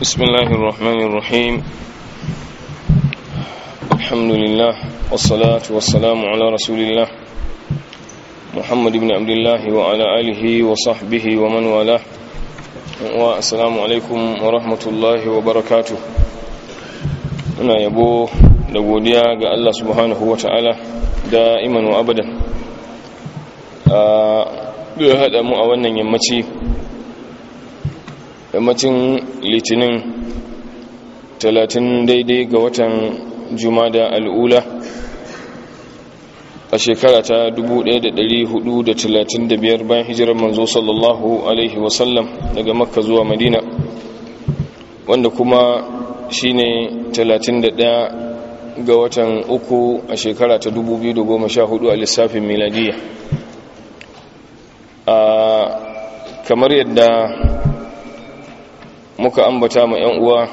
بسم الله الرحمن الرحيم الحمد لله والصلاة والسلام على رسول الله محمد بن عبد الله وعلى آله وصحبه ومن والاه والسلام عليكم ورحمة الله وبركاته أنا يبو لغوديا قال الله سبحانه وتعالى دائما وأبدا هذا مؤونا يمتي yammacin litinin talatin daidai ga watan jumada al'ula a shekara ta 1435 bayan hijirar manzo sallallahu alaihi wasallam daga makka zuwa madina wanda kuma shi ne 31 ga watan uku a shekara ta 2014 a lissafin miladiya kamar yadda muka ambata ma 'yan uwa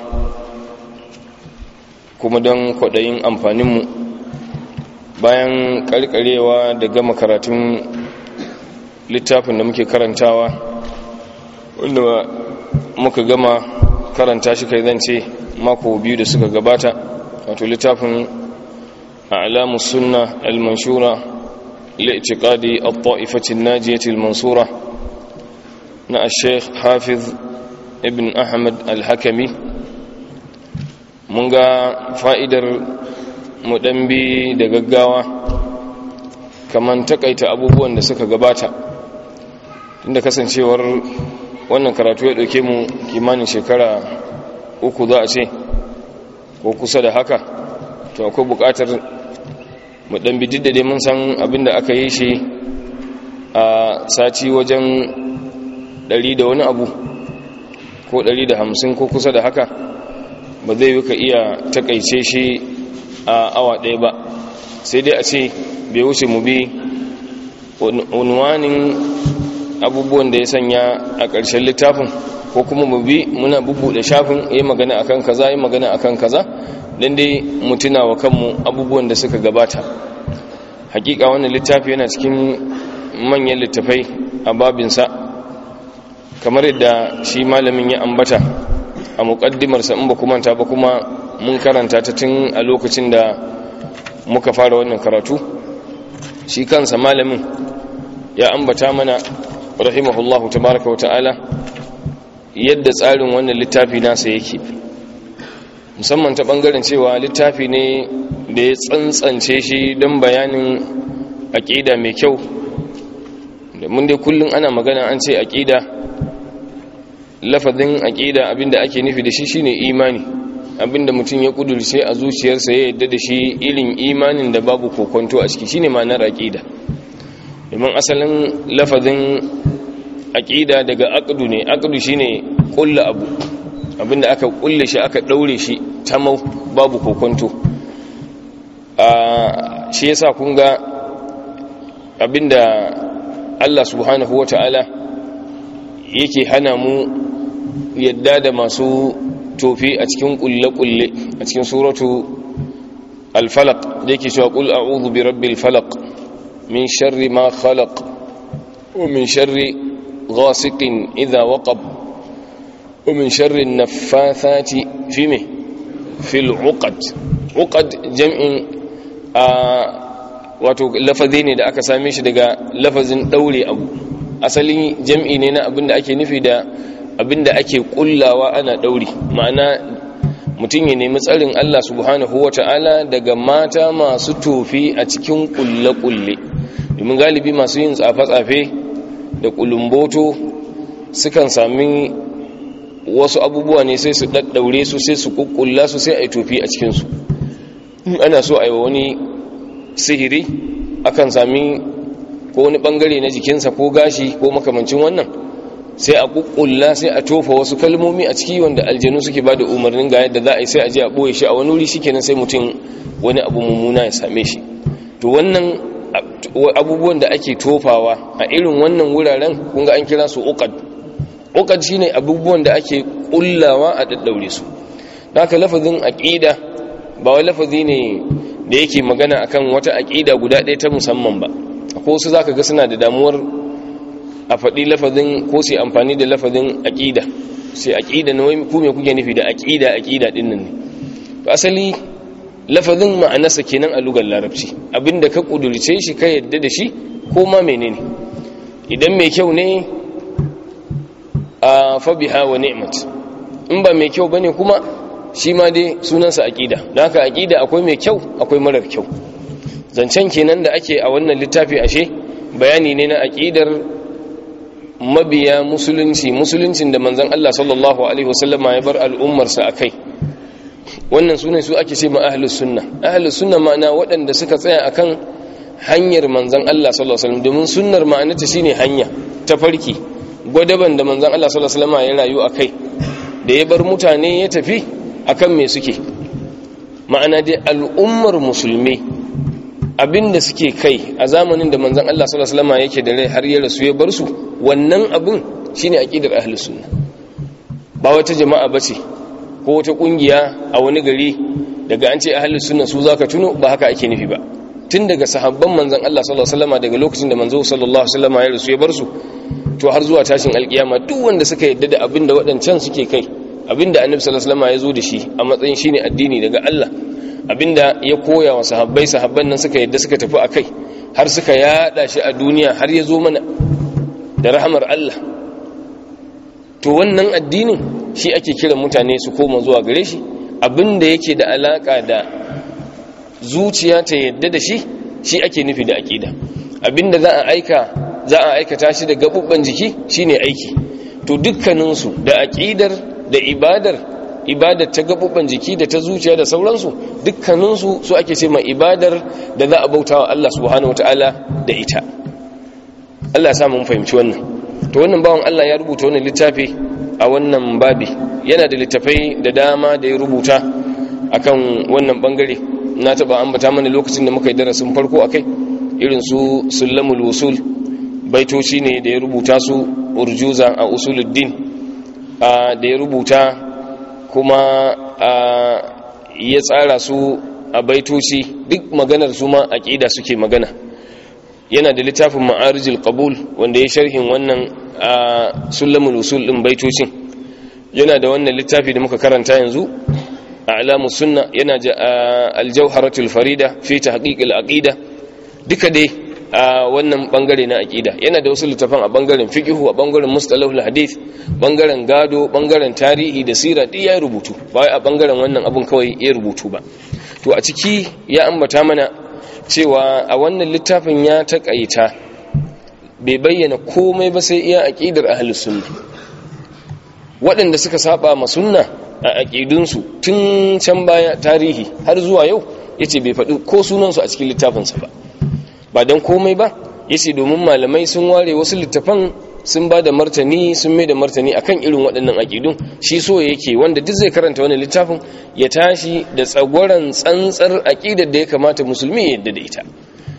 kuma don kwaɗayin amfaninmu bayan ƙarƙarewa da gama karatun littafin da muke karantawa wanda muka gama karanta shi kai zance mako biyu da suka gabata wato littafin a'lamu sunna suna almanshura li'tiqadi at-ta'ifati mansura na ashe hafiz ibn ahmad al-hakami mun ga fa'idar mu ɗanbi da gaggawa kamar takaita abubuwan da suka gabata inda kasancewar wannan karatu ya ɗauke mu kimanin shekara uku za a ce ko kusa da haka to akwai buƙatar mu ɗanbi diddade mun san abinda aka yi shi a sati wajen ɗari da wani abu ko 150 ko kusa da haka ba zai yi ka iya takaice shi a awa ɗaya ba sai dai a ce bai wuce mu bi unwanin abubuwan da ya sanya a ƙarshen littafin ko kuma mu bi muna da shafin yi magana kan kaza yi magana kan kaza don dai mu wa kanmu abubuwan da suka gabata hakika wannan littafi yana cikin manyan littafai a babinsa kamar yadda shi malamin ya ambata a muƙaddimarsa in ba kuma ta ba kuma mun karanta ta tun a lokacin da muka fara wannan karatu shi kansa malamin ya ambata mana rahimahullahu tabaraka wa ta'ala yadda tsarin wannan littafi nasa yake musamman ta ɓangaren cewa littafi ne da ya tsantsance shi don bayanin aƙida mai kyau da mun dai kullum ana magana an ce aƙida lafazin aqida abinda ake nufi da shi shine imani abinda mutum ya kudurce a zuciyarsa ya yadda da shi irin imanin da babu kokonto a ciki shine ma'anar aqida domin asalin lafazin aqida daga aqdu ne aqdu shine kullu abu abinda aka kulle shi aka daure shi tamau babu kokonto a shi yasa kun ga abinda Allah subhanahu wataala yake hana mu yadda da masu tofi a cikin kulle-kulle a cikin suratu alfalak da yake cewa kul a'udhu bi rabbil falaq min sharri ma khalaq wa min sharri ghasiqin idha waqab wa min sharri na naffathati fi me fi al-uqad uqad jam'in wato lafazi ne da aka same shi daga lafazin daure abu asalin jam'i ne na abin da ake nufi da abinda ake kullawa ana dauri ma'ana mutum ya nemi tsarin Allah subhanahu Ta'ala, daga mata masu tofi a cikin kulle-kulle domin galibi masu yin tsafe-tsafe da kulumboto sukan sami wasu abubuwa ne sai su daddaure su sai su kukkulla su sai a yi tofi a cikinsu ana so a yi wani sihiri akan sami ko wani bangare na jikinsa ko gashi ko makamancin wannan sai a kukkulla sai a tofa wasu kalmomi a ciki wanda aljanu suke ba da umarnin ga yadda za a yi sai a je a ɓoye shi a wani wuri shi kenan sai mutum wani abu mummuna ya same shi to wannan abubuwan da ake tofawa a irin wannan wuraren kunga an kira su uqad uqad shine abubuwan da ake kullawa a daddaure su haka lafazin aqida ba wai lafazi ne da yake magana akan wata aqida guda ɗaya ta musamman ba Akwai su zaka ga suna da damuwar a faɗi lafazin ko sai amfani da lafazin aƙida sai aƙida na wai ku me kuke nufi da aƙida aƙida ɗin nan ne to asali lafazin ma'anarsa kenan a lugar larabci abinda ka ƙudurce shi ka yadda da shi ko ma menene idan mai kyau ne a fabiha wa ni'mat in ba mai kyau bane kuma shi ma dai sunansa aƙida don haka aƙida akwai mai kyau akwai marar kyau zancen kenan da ake a wannan littafi ashe bayani ne na aƙidar mabiya musulunci musuluncin da manzan Allah sallallahu alaihi wasallama ya bar al'ummarsa a kai wannan sunan su ake ce ma ahlus sunna ahlus sunna ma'ana waɗanda suka tsaya akan hanyar manzan Allah sallallahu alaihi wasallam domin sunnar ma'anarta shine hanya ta farki gwadaban da manzan Allah sallallahu alaihi wasallama ya rayu a kai da ya bar mutane ya tafi akan me suke ma'ana dai al'ummar musulmi abin da suke kai a zamanin da manzan Allah sallallahu alaihi wasallam yake da rai har ya rasu ya bar su wannan abin shine aqidar ahlus sunna ba wata jama'a bace ko wata kungiya a wani gari daga an ce ahlus sunna su zaka tuno ba haka ake nufi ba tun daga sahabban manzan Allah sallallahu alaihi daga lokacin da manzo sallallahu alaihi wasallam ya rasu ya bar su to har zuwa tashin alkiyama duk wanda suka yadda da abin da waɗancan suke kai abin da annabi sallallahu alaihi ya zo da shi a matsayin shine addini daga Allah abinda ya koya wa sahabbai sahabban nan suka yadda suka tafi akai har suka yada shi a duniya har ya zo mana da rahamar Allah to wannan addinin shi ake kiran mutane su koma zuwa gare shi abinda yake da alaka da zuciya ta yadda da shi shi ake nufi da aqida abinda za a aika za a aikata shi da gabubban jiki shine aiki to dukkaninsu da aqidar da ibadar ibadar ta gaɓuɓɓen jiki da ta zuciya da sauransu dukkaninsu su ake ce ma ibadar da za a bauta wa Allah subhanahu wataala da ita Allah ya mun fahimci wannan to wannan bawan Allah ya rubuta wannan littafi a wannan babi yana da littafai da dama da ya rubuta akan wannan bangare na taba ambata mana lokacin da muka yi darasin farko akai irin su sulamul wusul baitoci ne da ya rubuta su urjuza a usuluddin da ya rubuta kuma ya tsara su a baitoci duk maganar su ma aqida suke magana yana da littafin ma'arijil qabul wanda ya sharhin wannan sulamul usul din baitocin yana da wannan littafi da muka karanta yanzu alamun sunna yana aljauharatul farida fi tahqiqil aqida duka dai a wannan bangare na aqida yana da wasu littafan a bangaren fiqhu a bangaren mustalahul hadith bangaren gado bangaren tarihi da sira duk ya rubutu ba a bangaren wannan abun kawai ya rubutu ba to a ciki ya ambata mana cewa a wannan littafin ya takaita bai bayyana komai ba sai iya aqidar ahlus sunna waɗanda suka saba ma sunna a su tun can baya tarihi har zuwa yau yace bai faɗi ko sunansu a cikin littafin sa ba ba don komai ba yace domin malamai sun ware wasu littafan sun ba da martani sun mai da martani akan irin waɗannan aƙidun shi so yake wanda duk zai karanta wani littafin ya tashi da tsagoran tsantsar aƙidar da ya kamata musulmi ya yadda da ita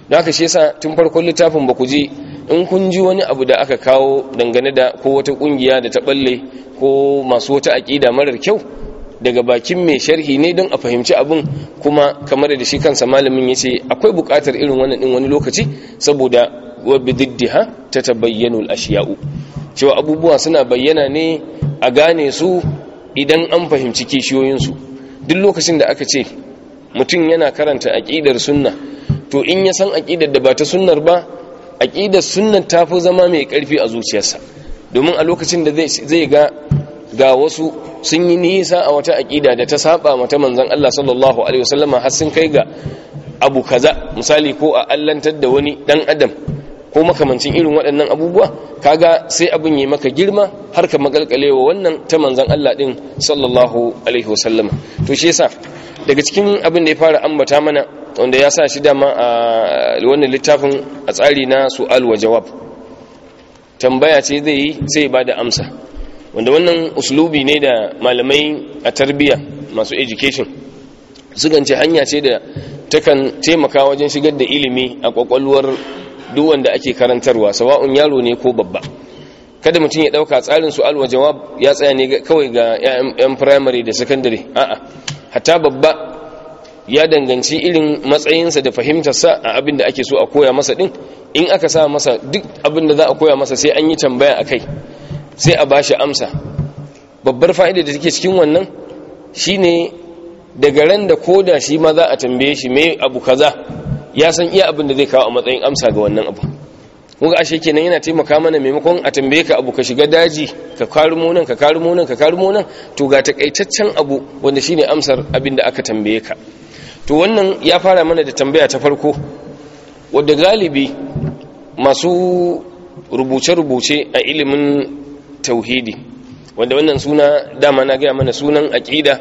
don haka shi yasa tun farkon littafin ba ku je in kun ji wani abu da aka kawo dangane da ko wata ƙungiya da ta ɓalle ko masu wata aƙida marar kyau daga bakin mai sharhi ne don a fahimci abin kuma kamar da shi kansa malamin ya ce akwai bukatar irin wannan din wani lokaci saboda bididdiha ta tabayyanul ashiya'u cewa abubuwa suna bayyana ne a gane su idan an fahimci kishiyoyinsu duk lokacin da aka ce mutum yana karanta aƙidar sunna to in ya san aƙidar da ba ta sunnar ba aƙidar sunnar ta fi zama mai ƙarfi a zuciyarsa domin a lokacin da zai ga ga wasu sun yi nisa a wata aƙida da ta saba mata manzan Allah sallallahu alaihi wasallama har sun kai ga abu kaza misali ko a allantar da wani ɗan adam ko makamancin irin waɗannan abubuwa kaga sai abin yi maka girma har ka makalkalewa wannan ta manzan Allah ɗin sallallahu alaihi wasallama to shi yasa daga cikin abin da ya fara ambata mana wanda ya sa shi dama a wannan littafin a tsari na su'al wa jawab tambaya ce zai yi sai ba da amsa wanda wannan uslubi ne da malamai a tarbiya masu education sukan ce hanya ce da takan taimaka wajen shigar da ilimi a kwakwalwar duwan da ake karantarwa sawa'un yaro ne ko babba kada mutum ya dauka tsarin su'al wa jawab ya tsaya ne kawai ga yan primary da secondary a'a hatta babba ya danganci irin matsayinsa da fahimtarsa a abin da ake so a koya masa din in aka sa masa duk abin da za a koya masa sai an yi tambaya a kai. sai a bashi amsa babbar fa'ida da take cikin wannan shine daga ran da koda shi ma za a tambaye shi mai abu kaza ya san iya abin da zai kawo a matsayin amsa ga wannan abu kuga ashe kenan yana taimaka mana maimakon a tambaye ka abu ka shiga daji ka kari nan ka kari nan ka kari nan to ga takaitaccen abu wanda shine amsar abin da aka tambaye ka to wannan ya fara mana da tambaya ta farko wadda galibi masu rubuce-rubuce a ilimin tauhidi wanda wannan suna dama na gaya mana sunan aƙida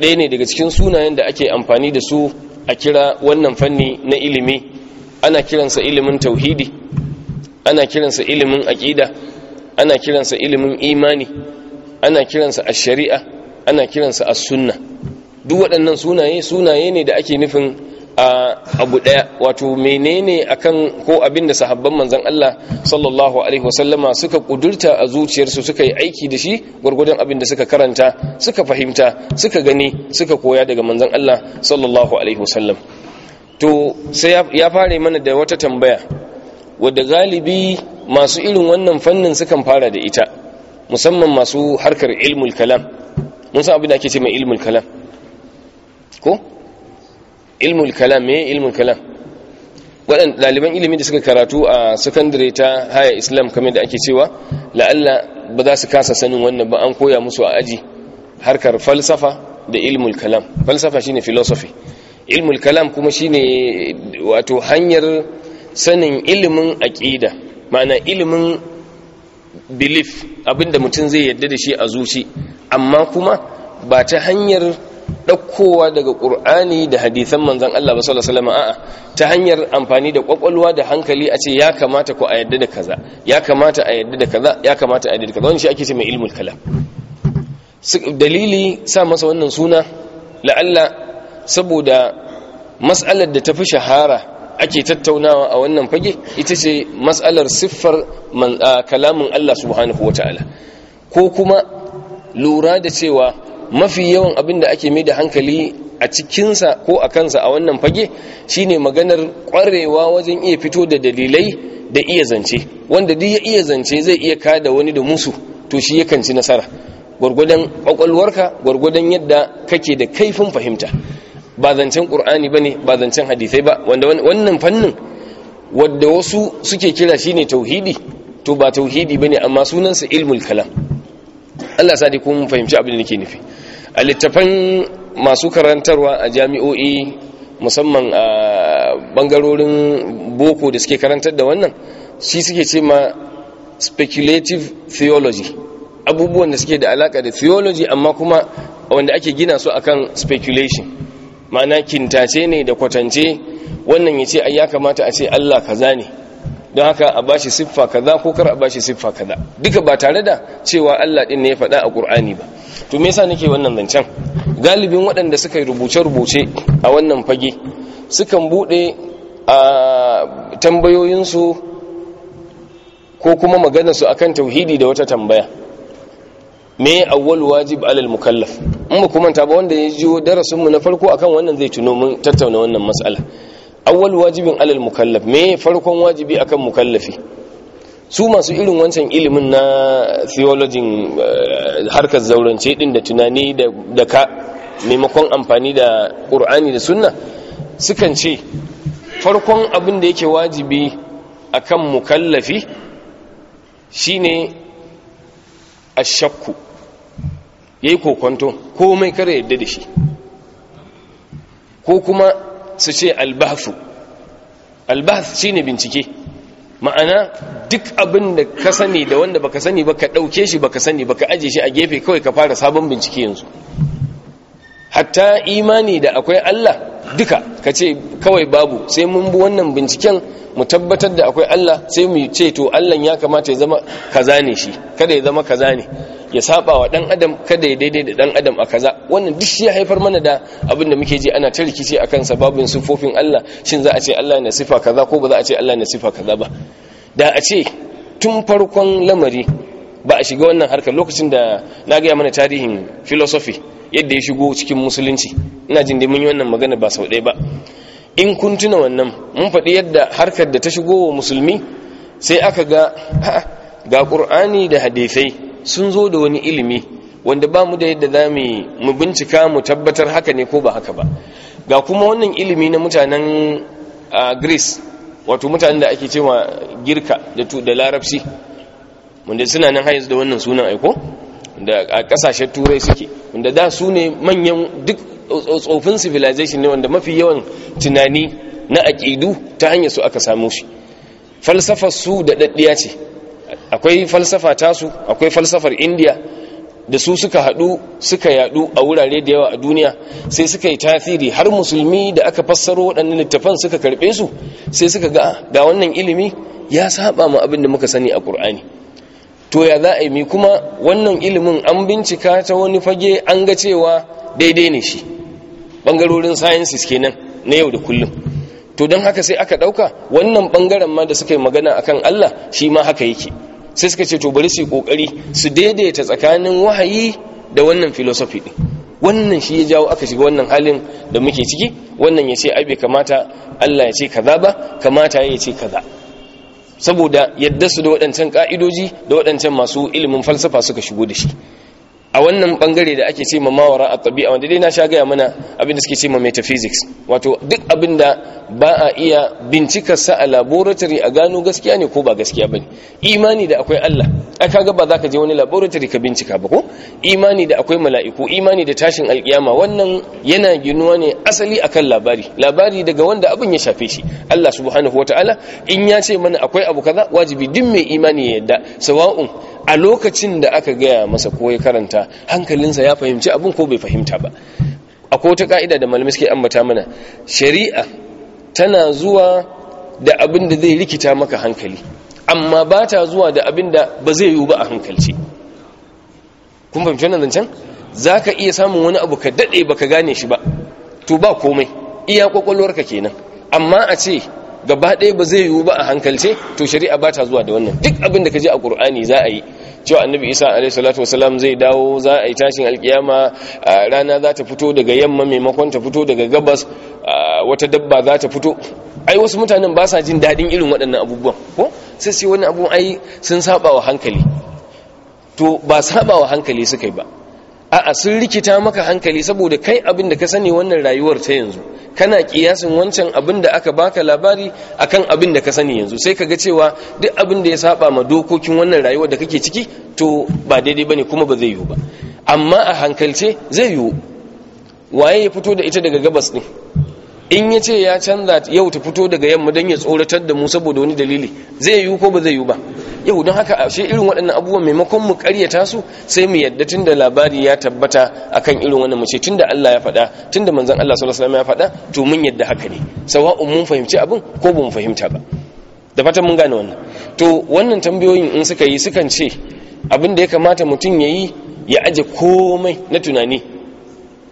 ɗaya ne daga cikin sunayen da ake amfani da su a kira wannan fanni na ilimi ana kiransa ilimin tauhidi ana kiransa ilimin aƙida ana kiransa ilimin imani ana kiransa a shari'a ana kiransa a sunna duk waɗannan sunaye sunaye ne da ake nufin a abu daya wato menene akan ko abin da sahabban manzon Allah sallallahu alaihi wasallama suka kudurta a zuciyarsu suka yi aiki da shi gurgurdan abin da suka karanta suka fahimta suka gani suka koya daga manzon Allah sallallahu alaihi wasallam to sai ya fare mana da wata tambaya wadda galibi masu irin wannan fannin sukan fara da ita musamman masu harkar ilmul kalam mun san abin da ake ce mai ilmul kalam ko ilmul kalam me ilmul kalam waɗanda ɗaliban ilimin da suka karatu a sakandare ta haya islam kamar da ake cewa la'alla ba za su kasa sanin wannan ba an koya musu a aji harkar falsafa da ilmul kalam falsafa shine philosophy ilmul kalam kuma shine wato hanyar sanin ilimin aƙida ma'ana ilimin belief abinda mutum zai yadda da shi a zuci amma kuma ba ta hanyar ɗaukowa daga ƙur'ani da hadisan manzan Allah ba sallallahu a'a ta hanyar amfani da ƙwaƙwalwa da hankali a ce ya kamata ku a yadda da kaza ya kamata a yadda da kaza ya kamata a yadda da kaza wani shi ake ce mai ilmul kalam dalili sa masa wannan suna la'alla saboda mas'alar da ta fi shahara ake tattaunawa a wannan fage ita ce mas'alar siffar kalamin Allah subhanahu wataala ko kuma lura da cewa mafi yawan abin da ake mai da hankali a cikinsa ko a kansa a wannan fage shine maganar kwarewa wajen iya fito da dalilai da iya zance wanda duk ya iya zance zai iya kada wani da musu to shi yakan ci nasara gwargwadon kwakwalwarka gwargwadon yadda kake da kaifin fahimta ba zancen qur'ani bane ba zancen hadisai ba wanda wannan fannin wadda wasu suke kira shine tauhidi to ba tauhidi bane amma sunansa ilmul kalam Allah sadi kun fahimci abin da nake nufi a littafan masu karantarwa a jami'o'i musamman a bangarorin boko da suke karantar da wannan shi suke ce ma speculative theology abubuwan da suke da alaka da theology amma kuma wanda ake gina su akan speculation ma'ana kintace ne da kwatance wannan ya ce ya kamata a ce Allah kaza ne don haka a bashi siffa kaza ko kar a bashi siffa kaza duka ba tare da cewa Allah din ne ya faɗa a Qur'ani ba to me yasa nake wannan zancen galibin waɗanda suka yi rubuce-rubuce a wannan fage sukan bude a tambayoyinsu ko kuma maganarsu akan tauhidi da wata tambaya me awwal wajib alal mukallaf amma ba kuma ta wanda ya jiyo mu na farko akan wannan zai tuno mun tattauna wannan mas'ala awwal wajibin alal mukallaf me farkon wajibi akan mukallafi su masu irin wancan ilimin na theology eh, harkar zaurance din da tunani da ka maimakon amfani da qur'ani da sunna sukan ce farkon abin da yake wajibi akan mukallafi shine ashakku yayi kokonto komai kare yadda da shi ko kuma su ce albahfu shi shine bincike ma'ana duk abin da ka sani da wanda baka sani ba ka ɗauke shi ba ka sani ka ajiye shi a gefe kawai ka fara sabon bincike yanzu hatta imani da akwai Allah duka ka ce kawai babu sai mun bi wannan binciken mu tabbatar da akwai Allah sai mu ce to Allah ya kamata ya zama kaza ne shi kada ya zama kaza ne ya saba wa dan adam kada ya daidai da dan adam a kaza wannan duk shi ya haifar mana da abin da muke ji ana ta rikici akan sababin sifofin Allah shin za a ce Allah na sifa kaza ko ba za a ce Allah ne sifa kaza ba da a ce tun farkon lamari ba a shiga wannan harkar lokacin da na gaya mana tarihin filosofi yadda ya shigo cikin musulunci ina jin da mun yi wannan magana ba sau ɗaya ba in kun tuna wannan mun faɗi yadda harkar da ta shigo wa musulmi sai aka ga ga ƙur'ani da hadisai sun zo da wani ilimi wanda ba mu da yadda za mu bincika mu tabbatar haka ne ko ba haka ba ga kuma wannan ilimi na mutanen ah, greece wato mutanen da ake cewa girka da larabci wanda suna nan har yanzu da wannan sunan aiko da a kasashen turai suke wanda da su ne manyan duk tsofin civilization ne wanda mafi yawan tunani na aƙidu ta hanyar su aka samu shi falsafar su da daddiya ce akwai falsafa tasu akwai falsafar indiya da su suka haɗu suka yaɗu a wurare da yawa a duniya sai suka yi tasiri har musulmi da aka fassaro waɗannan littafan suka karɓe su sai suka ga ah, ga wannan ilimi ya saba mu abin da muka sani a ƙur'ani to ya za a yi kuma wannan ilimin an bincika ta wani fage an ga cewa daidai ne shi bangarorin sciences kenan na yau da kullum to don haka sai aka dauka wannan bangaren ma da suka yi magana akan Allah shi ma haka yake sai suka ce to bari su yi kokari su daidaita tsakanin wahayi da wannan philosophy din wannan shi ya jawo aka shiga wannan halin da muke ciki wannan ya ce ai bai kamata Allah ya ce kaza ba kamata ya ce kaza saboda yadda su da waɗancan ka'idoji da waɗancan masu ilimin falsafa suka shigo da shi a wannan bangare da ake ce ma mawara a tabi'a wanda dai na sha gaya mana abin da suke ce ma metaphysics wato duk abin da ba a iya bincikarsa sa a laboratory a gano gaskiya ne ko ba gaskiya bane imani da akwai Allah ai kaga ba za ka je wani laboratory ka bincika ba ko imani da akwai mala'iku imani da tashin alkiyama wannan yana ginuwa ne asali akan labari labari daga wanda abin ya shafe shi Allah subhanahu wataala in ya ce mana akwai abu kaza wajibi duk mai imani ya yadda sawa'un a lokacin da aka gaya masa ko ya karanta hankalinsa ya fahimci abin ko bai fahimta ba akwai wata ka'ida da malamai suke ambata mana shari'a tana zuwa da abin da zai rikita maka hankali amma ba ta zuwa da abin da ba zai yiwu ba a hankalci kun fahimci wannan zancen za ka iya samun wani abu ka daɗe ba ka gane shi ba to ba komai iya kwakwalwarka kenan amma a ce gaba ɗaya ba zai yiwu ba a hankalce to shari'a ba ta zuwa da wannan duk abin da ka je a ƙur'ani za a yi cewa annabi isa salatu wasalam zai dawo za a yi tashin alkiyama rana za ta fito daga yamma maimakon ta fito daga gabas wata dabba za ta fito ai wasu mutanen ba sa jin daɗin irin waɗannan abubuwan ko sai sai wani abu ai sun saba wa hankali to ba saba wa hankali suka yi ba a'a sun rikita maka hankali saboda kai abin da ka sani wannan rayuwar ta yanzu kana kiyasin wancan abin da aka baka labari akan abin da ka sani yanzu sai ka ga cewa duk abin da ya saba ma dokokin wannan rayuwar da kake ciki to ba daidai bane kuma ba zai yiwu ba amma a hankalce zai yiwu waye ya fito da ita daga gabas ne in ya ce ya canza yau ta fito daga yamma don ya tsoratar da mu saboda wani dalili zai yiwu ko ba zai yiwu ba yau don haka a irin waɗannan abubuwan maimakon mu karyata su sai mu yadda tunda labari ya tabbata akan irin wannan mu ce tunda Allah ya faɗa tunda manzon Allah sallallahu alaihi wasallam ya faɗa to mun yadda haka ne sawa'un mun fahimci abin ko ba mu fahimta ba da fatan mun gane wannan to wannan tambayoyin in suka yi sukan ce abin da ya kamata mutum ya yi ya aje komai na tunani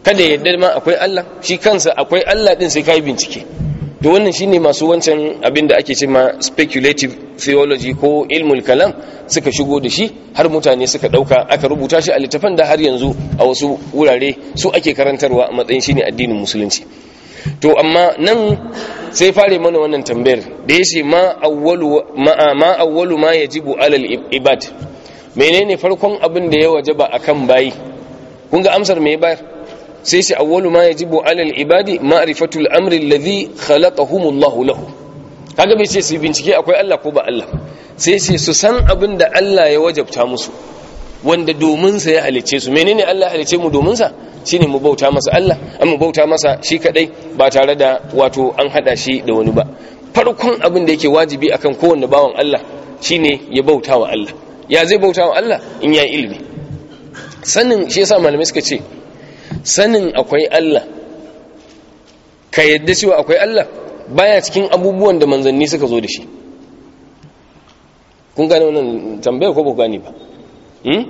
kada ya yadda ma akwai Allah shi kansa akwai Allah din sai kai bincike Da wannan shine masu wancan abin da ake cewa speculative theology ko ilmul kalam suka shigo da shi har mutane suka dauka aka rubuta shi a littafan da har yanzu a wasu wurare su ake karantarwa a matsayin shine addinin musulunci to amma nan sai fare mana wannan tambayar da yace ma awwalu ma ma awwalu ma yajibu alal ibad menene farkon abin da ya wajaba akan bayi kun ga amsar me bayar sai shi awwalu ma ya yajibu alal ibadi ma'rifatul amri alladhi khalaqahumullahu lahu kaga bai ce su bincike akwai Allah ko ba Allah sai sai su san abin da Allah ya wajabta musu wanda domin sa ya halice su menene Allah ya halice mu domin sa shine mu bauta masa Allah an mu bauta masa shi kadai ba tare da wato an hada shi da wani ba farkon abin da yake wajibi akan kowanne bawan Allah shine ya bauta wa Allah ya zai bauta wa Allah in ya ilimi sanin shi yasa malamai suka ce sanin akwai Allah ka yadda cewa akwai Allah baya cikin abubuwan da manzanni suka zo da shi kun gane wannan tambayar ko ba gane ba hmm?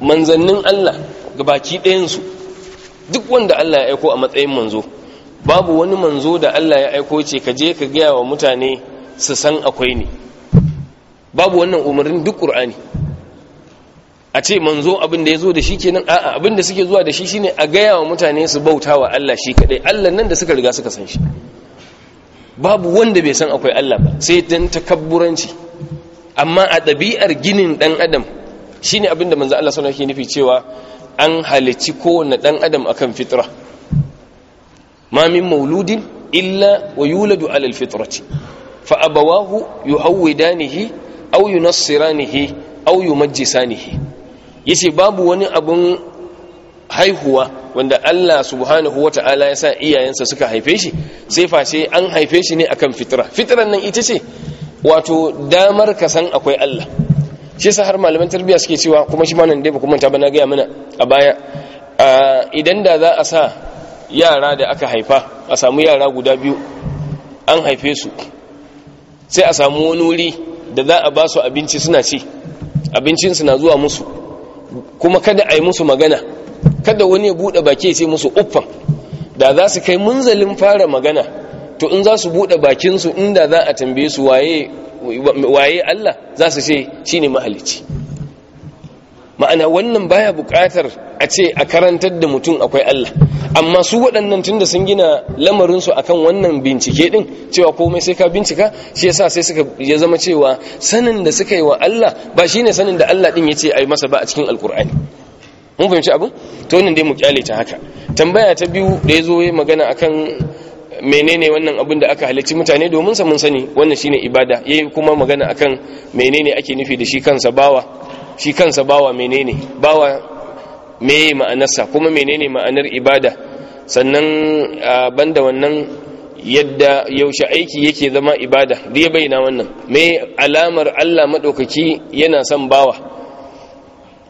manzannin Allah gabaki ɗayansu duk wanda Allah ya aiko a matsayin manzo babu wani manzo da Allah ya aiko ce ka je ka gaya wa mutane su san akwai ne babu wannan umarnin duk ƙur'ani a ce manzo abin da ya zo da shi kenan a'a abin da suke zuwa da shi shine a gaya wa mutane su bauta wa Allah shi kadai Allah nan da suka riga suka san shi babu wanda bai san akwai Allah ba sai dan takabburanci amma a dabi'ar ginin ɗan adam shine abin da manzo Allah sallallahu alaihi nufi cewa an halici kowanne ɗan adam akan fitra ma min mauludin illa wa yuladu ala alfitrati fa abawahu yuhawidanihi aw yunassiranihi aw yumajjisanihi yace babu wani abun haihuwa wanda Allah subhanahu ta'ala ya sa iyayensa suka haife shi sai face an haife shi ne akan fitra fitran nan ita ce wato damar ka san akwai Allah shi sa har malaman tarbiyya suke cewa kuma shi ma nan dai ba kuma ta na gaya mana a baya idan da za a sa yara da aka haifa a samu yara guda biyu an haife su sai a samu wani wuri da za a ba su abinci suna ci su na zuwa musu kuma kada a yi musu magana kada wani ya buɗe baki ya sai musu uffan da za su kai munzalin fara magana to in za su buɗe su inda za a tambaye su waye Allah za su ce shi ne mahalici ma'ana wannan baya buƙatar a ce a karantar da mutum akwai Allah amma su waɗannan tunda sun gina lamarinsu akan wannan bincike ɗin cewa komai sai ka bincika shi yasa sai suka ya zama cewa sanin da suka yi wa Allah ba shi ne sanin da Allah ɗin ya ce a yi masa ba a cikin alkur'ani mun fahimci abu? to wannan dai mu kyale ta haka tambaya ta biyu da ya zo ya magana akan menene wannan abin da aka halicci mutane domin sa mun sani wannan shine ibada yayi kuma magana akan menene ake nufi da shi kansa bawa shi kansa bawa menene bawa meye ma'anarsa kuma menene ma'anar ibada sannan banda wannan yadda yaushe aiki yake zama ibada da ya bayyana wannan me alamar Allah madaukaki yana son bawa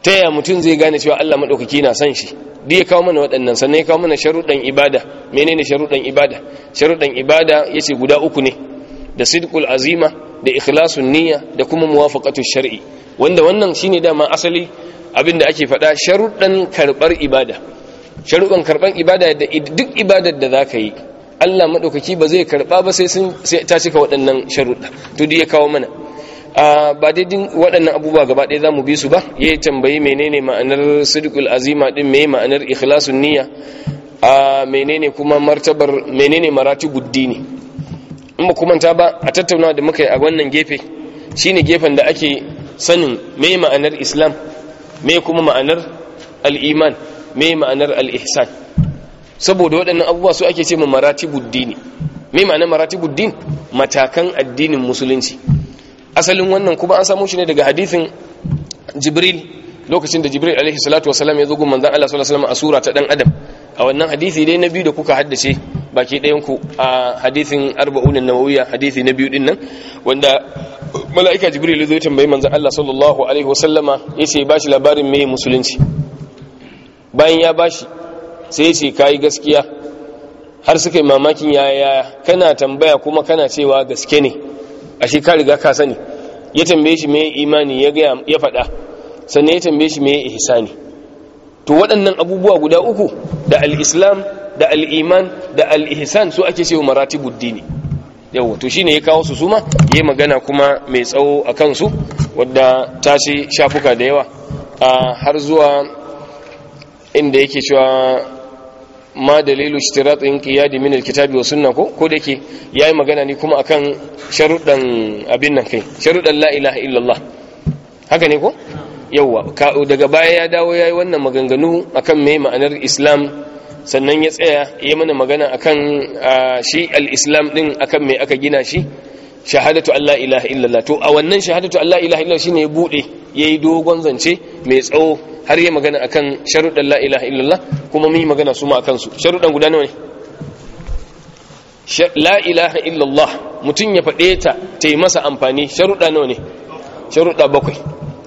ta yaya mutum zai gane cewa Allah madaukaki na son shi da ya kawo mana waɗannan sannan ya kawo mana sharuɗan ibada menene sharuɗan ibada sharuɗan ibada yace guda uku ne da sidqul azima da ikhlasun niyya da kuma muwafaqatu shar'i wanda wannan shine dama asali abinda ake faɗa sharuɗan karɓar ibada sharuɗan karɓar ibada da duk ibadar da za yi Allah maɗaukaki ba zai karba ba sai ta cika waɗannan sharuɗa to ya kawo mana ba daidin waɗannan abubuwa gaba ɗaya za mu bi su ba ya tambayi menene ma'anar sidikul azima ɗin me ma'anar ikhlasun niyya a menene kuma martabar menene maratibud ne? in ba kuma ta ba a tattauna da muka yi a wannan gefe shine gefen da ake sanin me ma'anar islam me kuma ma'anar al'iman me ma'anar al'ihsan saboda waɗannan abubuwa su ake ce ma maratibuddini me ma'anar maratibuddin matakan addinin musulunci asalin wannan kuma an samu shi ne daga hadithin jibril lokacin da jibril alaihi salatu wasalam ya zo manzan Allah sallallahu alaihi a sura ta dan adam a wannan hadithi dai na biyu da kuka haddace baki ɗayanku a hadithin arba'unin nawawiya hadithi na biyu din nan wanda mala'ika jibril zai tambayi manzan Allah sallallahu alaihi wasallama yace ba shi labarin mai musulunci bayan ya bashi sai yace kai gaskiya har suka yi mamakin yaya kana tambaya kuma kana cewa gaske ne ashe ka riga ka sani ya tambaye shi mai imani ya ga ya faɗa sannan ya tambaye shi mai ihsani to waɗannan abubuwa guda uku da al-islam da al-iman da al-ihsan su ake cewa maratibud dini yawa to shine ya kawo su suma yayi magana kuma mai tsawo a kansu wadda ta ci shafuka da yawa a har zuwa inda yake cewa ma dalilu ishtirat inqiyadi min alkitabi wa sunnah ko ko dake yayi magana ne kuma akan sharuɗan abin nan kai sharuɗan la ilaha illallah haka ne ko yawa daga baya ya dawo yayi wannan maganganu akan mai ma'anar islam sannan ya tsaya ya mana magana akan shi al-islam din akan me aka gina shi shahadatu Allah ilaha illallah to a wannan shahadatu Allah ilaha illallah shine ya bude yayi dogon zance mai tsawo har ya magana akan sharuɗan la ilaha illallah kuma mun yi magana su ma akan su sharuɗan guda nawa ne la ilaha illallah mutum ya faɗe ta ta yi masa amfani sharuɗa nawa ne sharuɗa bakwai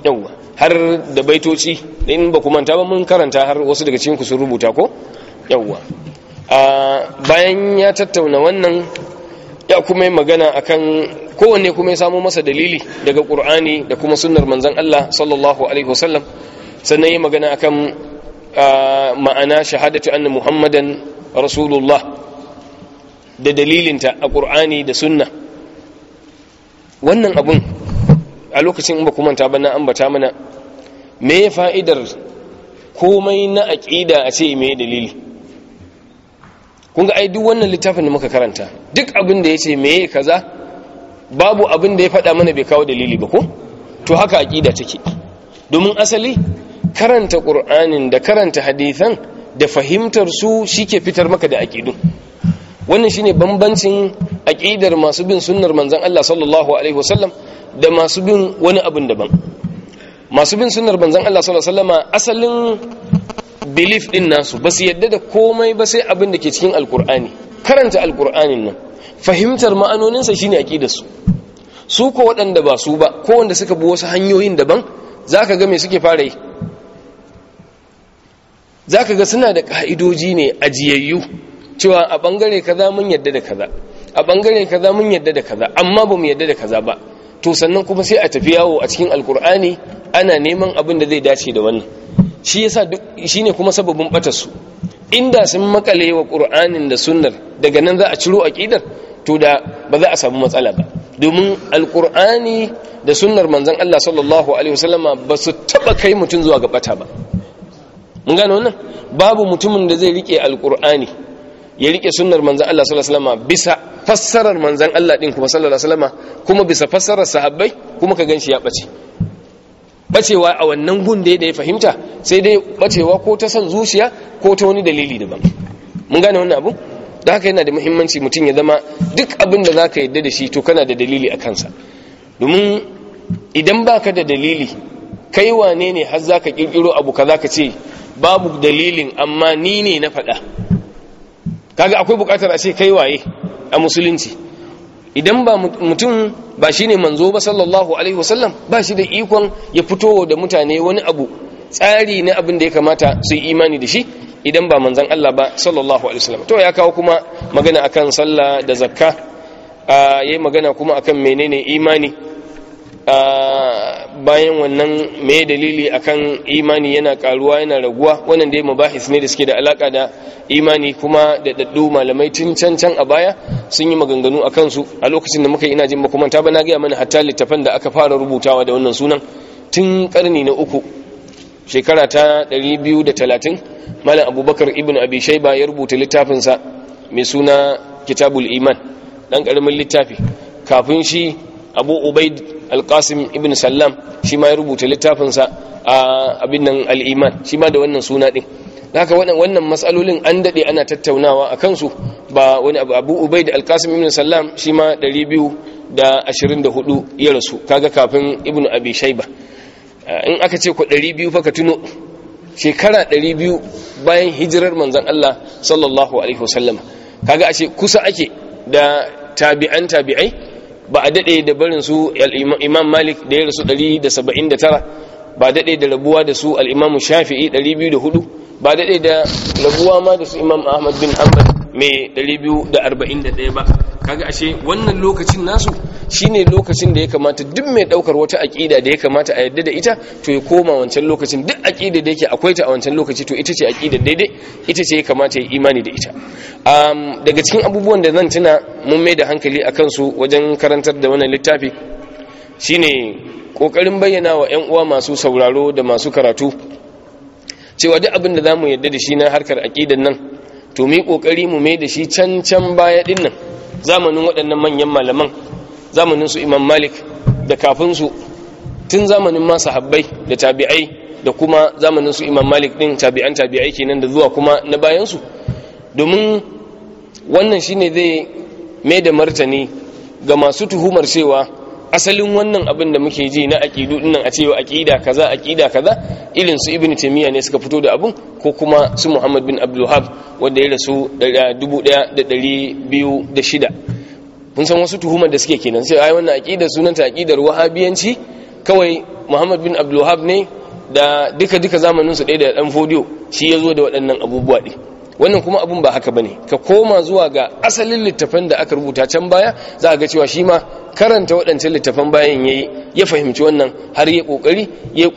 yawwa har da baitoci in ba ku manta ba mun karanta har wasu daga cikin ku sun rubuta ko yawwa bayan ya tattauna wannan ya kuma yi magana akan kowanne kuma ya samo masa dalili daga ƙur'ani da kuma sunar manzan Allah sallallahu alaihi wasallam sannan ya magana akan ma'ana shahadatu anna muhammadan rasulullah da dalilinta a ƙur'ani da sunna wannan abun a lokacin ba kuma ta bana ambata mana me fa'idar komai na aƙida a ce me dalili kun ga ai duk wannan littafin da muka karanta duk abin da ya ce meye kaza babu abin da ya faɗa mana bai kawo dalili ba ko to haka aƙida take domin asali karanta ƙur'anin da karanta hadithan da fahimtar su shike fitar maka da aƙidun wannan shine bambancin aƙidar masu bin sunnar manzon Allah sallallahu alaihi wasallam da masu bin wani abin daban masu bin sunar banzan Allah sallallahu alaihi wasallama asalin belief din nasu ba su yadda da komai ba sai abin da ke cikin alkur'ani karanta alkur'anin nan fahimtar ma'anoninsa shine aqidarsu su ko waɗanda ba su ba ko wanda suka bi wasu hanyoyin daban zaka ga me suke fara yi zaka ga suna da ka'idoji ne ajiyayyu cewa a bangare kaza mun yadda da kaza a bangare kaza mun yadda da kaza amma ba mu yadda da kaza ba to sannan kuma sai a tafi yawo a cikin alkur'ani ana neman abin da zai dace da wannan shi yasa ne kuma sababin batar su inda sun makale wa ƙur'anin da sunnar daga nan za a ciro aqidar to da ba za a samu matsala ba domin alkur'ani da sunnar manzon Allah sallallahu alaihi wasallama ba su taɓa kai mutum zuwa ga bata ba mun gano wannan babu mutumin da zai rike alkur'ani ya rike sunnar manzan Allah sallallahu alaihi bisa fassarar manzan Allah din kuma sallallahu alaihi kuma bisa fassarar sahabbai kuma ka ganshi ya bace bacewa a wannan gun da ya fahimta sai dai bacewa ko ta san zuciya ko ta wani dalili daban mun gane wannan abu da haka yana da muhimmanci mutum ya zama duk abin da zaka yadda da shi to kana da dalili a kansa domin idan baka da dalili kai wane ne har zaka kirkiro abu kaza ka ce babu dalilin amma ni ne na faɗa kaga akwai bukatar a ce kai waye a musulunci idan ba mutum ba shine manzo ba sallallahu alaihi wasallam ba shi da ikon ya fito da mutane wani abu tsari na abin da ya kamata su yi imani da shi idan ba manzan Allah ba sallallahu alaihi wasallam to ya kawo kuma magana akan sallah da zakka yayi magana kuma akan menene imani bayan wannan mai dalili akan imani yana karuwa yana raguwa wannan dai mabahis ne da suke da alaka da imani kuma da daddu malamai tun can can a baya sun yi maganganu a kansu a lokacin da muka ina jin makumanta ba na gaya mana hatta littafan da aka fara rubutawa da wannan sunan tun karni na uku shekara ta 230 malam abubakar ibn abi shaiba ya rubuta littafinsa mai suna kitabul iman dan karamin littafi kafin shi abu ubaid alqasim ibn sallam shi ma ya rubuta littafinsa a abin nan al'iman shi ma da wannan suna ɗin haka wannan matsalolin an daɗe ana tattaunawa a kansu ba wani abu abu ubaid alqasim ibn sallam shi ma hudu ya rasu kaga kafin ibn abi shaiba eh, in aka ce ku ɗari fa ka tuno shekara biyu bayan hijirar manzon Allah sallallahu alaihi wasallam kaga ashe kusa ake da tabi'an tabi'ai ba a daɗe da barin su imam malik da ya rasu 179 ba daɗe da rabuwa da su al'imamu shafi'i 204 ba daɗe da rabuwa ma da su imam ahmad bin hanbal mai 241 ba kaga ashe wannan lokacin nasu shine lokacin da ya kamata duk mai daukar wata aqida da ya kamata a yadda da ita to ya koma wancan lokacin duk aqida da yake akwai ta a wancan lokaci to ita ce aqida daidai ita ce ya kamata ya imani da ita um, daga cikin abubuwan da zan tuna mun mai da hankali akan su wajen karantar da wannan littafi shine kokarin bayyana wa ƴan uwa masu sauraro da masu karatu cewa duk abin da zamu yadda da shi na harkar aqidan nan to mu yi kokari mu mai da shi can can baya din nan zamanin waɗannan manyan malaman zamanin su imam malik da kafinsu tun zamanin ma sahabbai da tabi'ai da kuma zamanin su imam malik ɗin tabi'an tabi'ai kenan da zuwa kuma na bayansu domin wannan shine zai mai da martani ga masu tuhumar cewa asalin wannan abin da muke ji na aqidu dinnan a cewa aqida kaza aqida kaza irin su ibnu taymiya ne suka fito da abun ko kuma su muhammad bin abdul wahab wanda ya rasu 1206 kun san wasu tuhumar da suke kenan sai ai wannan aqida sunanta aqidar wahabiyanci kawai muhammad bin abdul wahab ne da duka duka zamanin su ɗaya da dan fodiyo shi ya zo da waɗannan abubuwa din wannan kuma abun ba haka bane ka koma zuwa ga asalin littafin da aka rubuta can baya za a ga cewa shi ma karanta waɗancan littafan bayan yi, ya fahimci wannan har ya ƙoƙari ya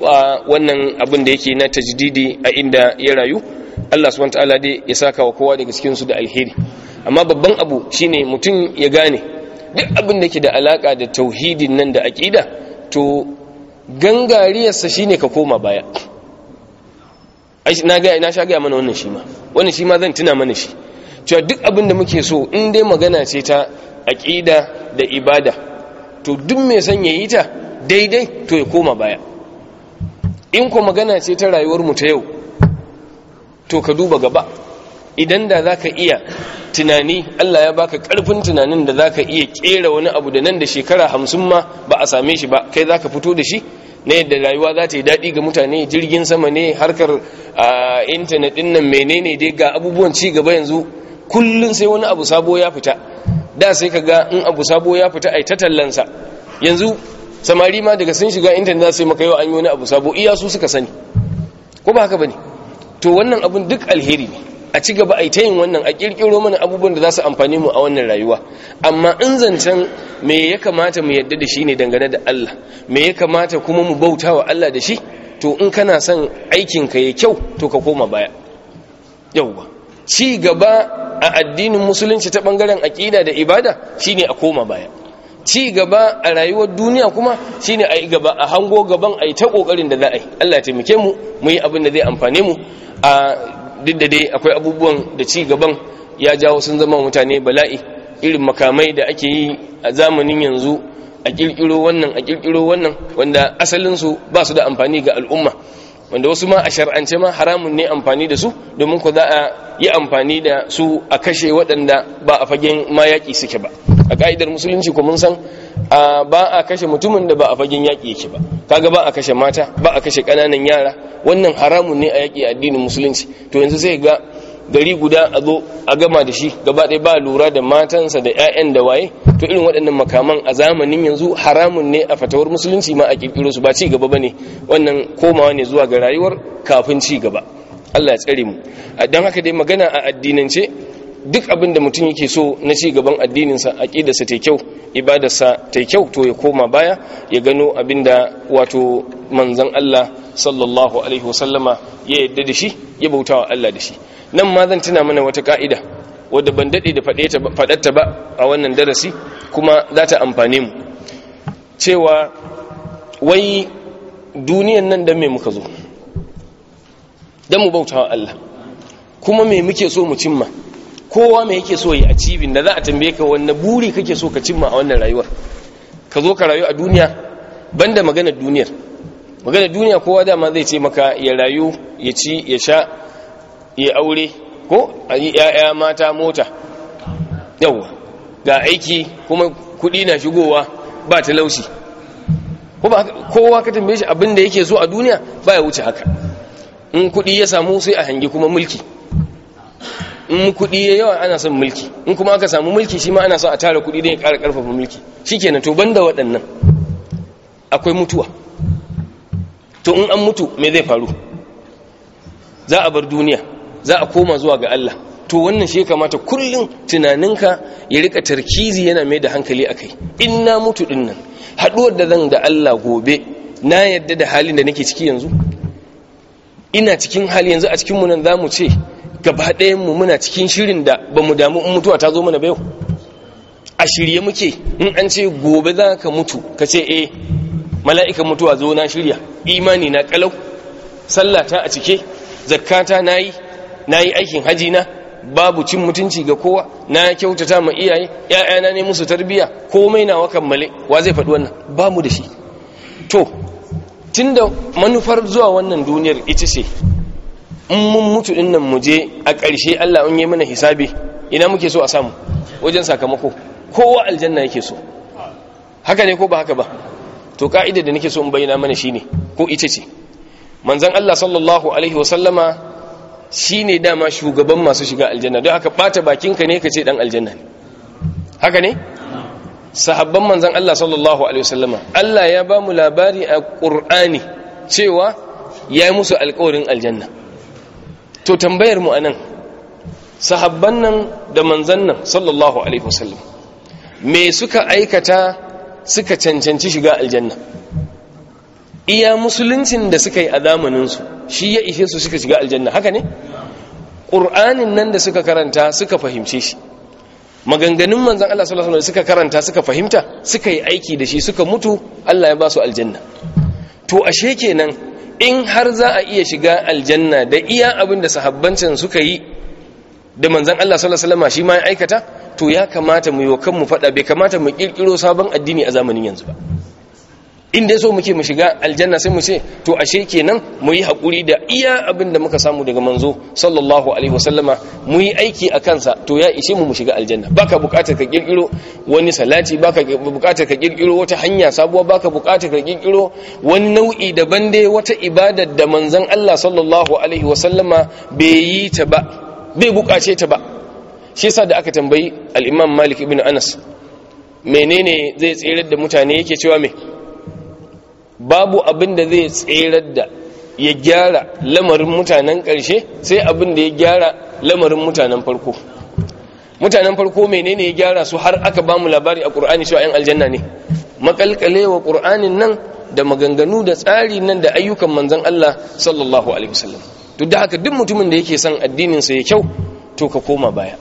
wannan abin da yake na tajdidi a inda ya rayu Allah S.w.T. wataala dai ya saka wa kowa daga cikinsu da alheri amma babban abu shine mutum ya gane duk abin da ke da alaƙa da tauhidin nan da aƙida to gangariyarsa shine ka koma baya na gaya na sha gaya mana wannan shi ma wannan shi ma zan tuna mana shi cewa duk abin da muke so in dai magana ce ta aqida da ibada to duk mai son yayi ta daidai to ya koma baya in ko magana ce ta rayuwar mu ta yau to ka duba gaba idan da zaka iya tunani Allah ya baka karfin tunanin da zaka iya kera wani abu da nan da shekara hamsin ma ba a same shi ba kai zaka fito da shi na yadda rayuwa za ta yi daɗi ga mutane jirgin sama ne harkar intanet ɗin nan menene dai ga abubuwan ci gaba yanzu kullum sai wani abu sabo ya fita da sai ka ga in abu sabo ya fita a ta tallansa yanzu samari ma daga sun shiga intanet za su yi maka yau an yi wani abu sabo iya su suka sani ko ba haka ba ne to wannan abun duk alheri ne a ci gaba a yi yin wannan a kirkiro mana abubuwan da za su amfani mu a wannan rayuwa amma in zancen me ya kamata mu yadda da shi ne dangane da Allah me ya kamata kuma mu bauta wa Allah da shi to in kana son aikinka ya kyau to ka koma baya yauwa ci gaba a addinin musulunci ta bangaren aƙida da ibada shine a koma baya ci gaba a rayuwar duniya kuma shine a yi gaba a hango gaban a yi ta ƙoƙarin da za a yi allah taimake mu mu yi abin da zai amfane mu a duk da dai akwai abubuwan da ci gaban ya jawo sun zama mutane bala'i irin makamai da ake yi a zamanin yanzu a ƙirƙiro wannan a ƙirƙiro wannan wanda asalinsu ba su da amfani ga al'umma wanda wasu ma a shar'ance ma haramun ne amfani da su domin ku za a yi amfani da su a kashe waɗanda ba a fagen ma yaƙi suke ba a ƙa'idar musulunci ko mun san ba a kashe mutumin da ba a fagen yaƙi yake ba kaga ba a kashe mata ba a kashe ƙananan yara wannan haramun ne a yaƙi addinin musulunci to yanzu sai ga gari guda a zo a gama da shi gaba ɗaya ba lura da matansa da 'ya'yan da waye to irin waɗannan makaman a zamanin yanzu haramun ne a fatawar musulunci ma a kirkiro su ba ci gaba ne, wannan komawa ne zuwa ga rayuwar kafin ci gaba Allah ya tsare mu don haka dai magana a addinance duk abin da mutum yake so na ci gaban addininsa ƙidarsa ta kyau ibadarsa ta kyau to ya koma baya ya gano abin da wato manzan Allah sallallahu alaihi wasallama ya yadda da shi ya bauta wa Allah da shi nan ma zan tuna mana wata ka'ida wadda ban daɗe da faɗarta ba a wannan darasi kuma za ta amfane mu cewa wai duniyan nan dan me muka zo dan mu bautawa Allah kuma me muke so mu cimma kowa mai yake so ya cibin da za a tambaye ka wanne buri kake so ka cimma a wannan rayuwar ka zo ka rayu a duniya banda maganar duniyar maganar duniya kowa dama zai ce maka ya rayu ya ci ya sha ya aure ko a yi ya'ya mata mota yawa ga aiki kuma kudi na shigowa ba laushi. kowa ka tambaye shi abinda yake so a duniya ba ya wuce haka in kudi ya samu sai a hangi kuma mulki in kuɗi ya yawa ana son mulki in kuma aka samu mulki shi ma ana son a tara kuɗi don ya kara ƙarfafa mulki shi kenan to banda waɗannan akwai mutuwa to in an mutu me zai faru za a bar duniya za a koma zuwa ga Allah to wannan shi kamata kullum tunaninka ya rika tarkizi yana mai da hankali a kai in na mutu din nan haɗuwar da zan da Allah gobe na yadda da halin da nake ciki yanzu ina cikin hali yanzu a cikin nan za mu ce gaba mu muna cikin shirin da ba mu damu in mutuwa ta zo mana ba a shirye muke in an ce gobe za ka mutu ka ce e mala'ikan mutuwa zo na shirya imani na kalau sallata a cike zakata na yi na yi aikin haji na babu cin mutunci ga kowa na kyautata ma iyaye ‘ya'yana ne musu tarbiya komai na wa kammale wa zai faɗi wannan ba mu da shi to tunda manufar zuwa wannan duniyar ita ce in mun mutu din nan mu je a ƙarshe Allah in yi mana hisabi ina muke so a samu wajen sakamako kowa aljanna yake so haka ne ko ba haka ba to ka'idar da nake so in bayyana mana shine ko ita ce manzon Allah sallallahu alaihi wasallama shine dama shugaban masu shiga aljanna don haka bata ka ne kace dan aljanna ne haka ne sahabban manzon Allah sallallahu alaihi wasallama Allah ya ba mu labari a Qur'ani cewa ya yi musu alƙawarin aljanna to tambayar mu anan sahabban nan da manzan nan sallallahu alaihi wasallam me suka aikata suka cancanci shiga aljanna iya musuluncin da suka yi a zamaninsu shi ya ishe su suka shiga aljanna haka ne ƙur'anin nan da suka karanta suka fahimce shi maganganun manzan Allah sallallahu alaihi suka karanta suka fahimta suka yi aiki da shi suka mutu Allah ya ba su aljanna to ashe kenan in har za a iya shiga aljanna da iya abin da sahabbancin suka yi da manzan Allah sallallahu alaihi wasallam shi ma ya aikata to ya kamata mu yi wa kanmu fada bai kamata mu kirkiro sabon addini a zamanin yanzu ba in dai so muke mu shiga aljanna sai mu ce to ashe kenan mu yi hakuri da iya abin da muka samu daga manzo sallallahu alaihi wasallama mu yi aiki a kansa to ya ishe mu mu shiga aljanna baka buƙatar ka kirkiro wani salati baka buƙatar ka kirkiro wata hanya sabuwa baka buƙatar ka kirkiro wani nau'i daban da wata ibada da manzon Allah sallallahu alaihi wasallama bai yi ta ba bai bukace ta ba shi yasa da aka tambayi al-Imam Malik ibn Anas menene zai tsirar da mutane yake cewa me babu abin da zai tserar da ya gyara lamarin mutanen ƙarshe sai abin da ya gyara lamarin mutanen farko mutanen farko menene ya gyara su har aka ba mu labari a ƙur'ani a 'yan aljanna ne wa ƙur'anin nan da maganganu da tsari nan da ayyukan manzan Allah sallallahu alaihi wasallam duk da haka duk mutumin da yake son addinin sa ya kyau to ka koma baya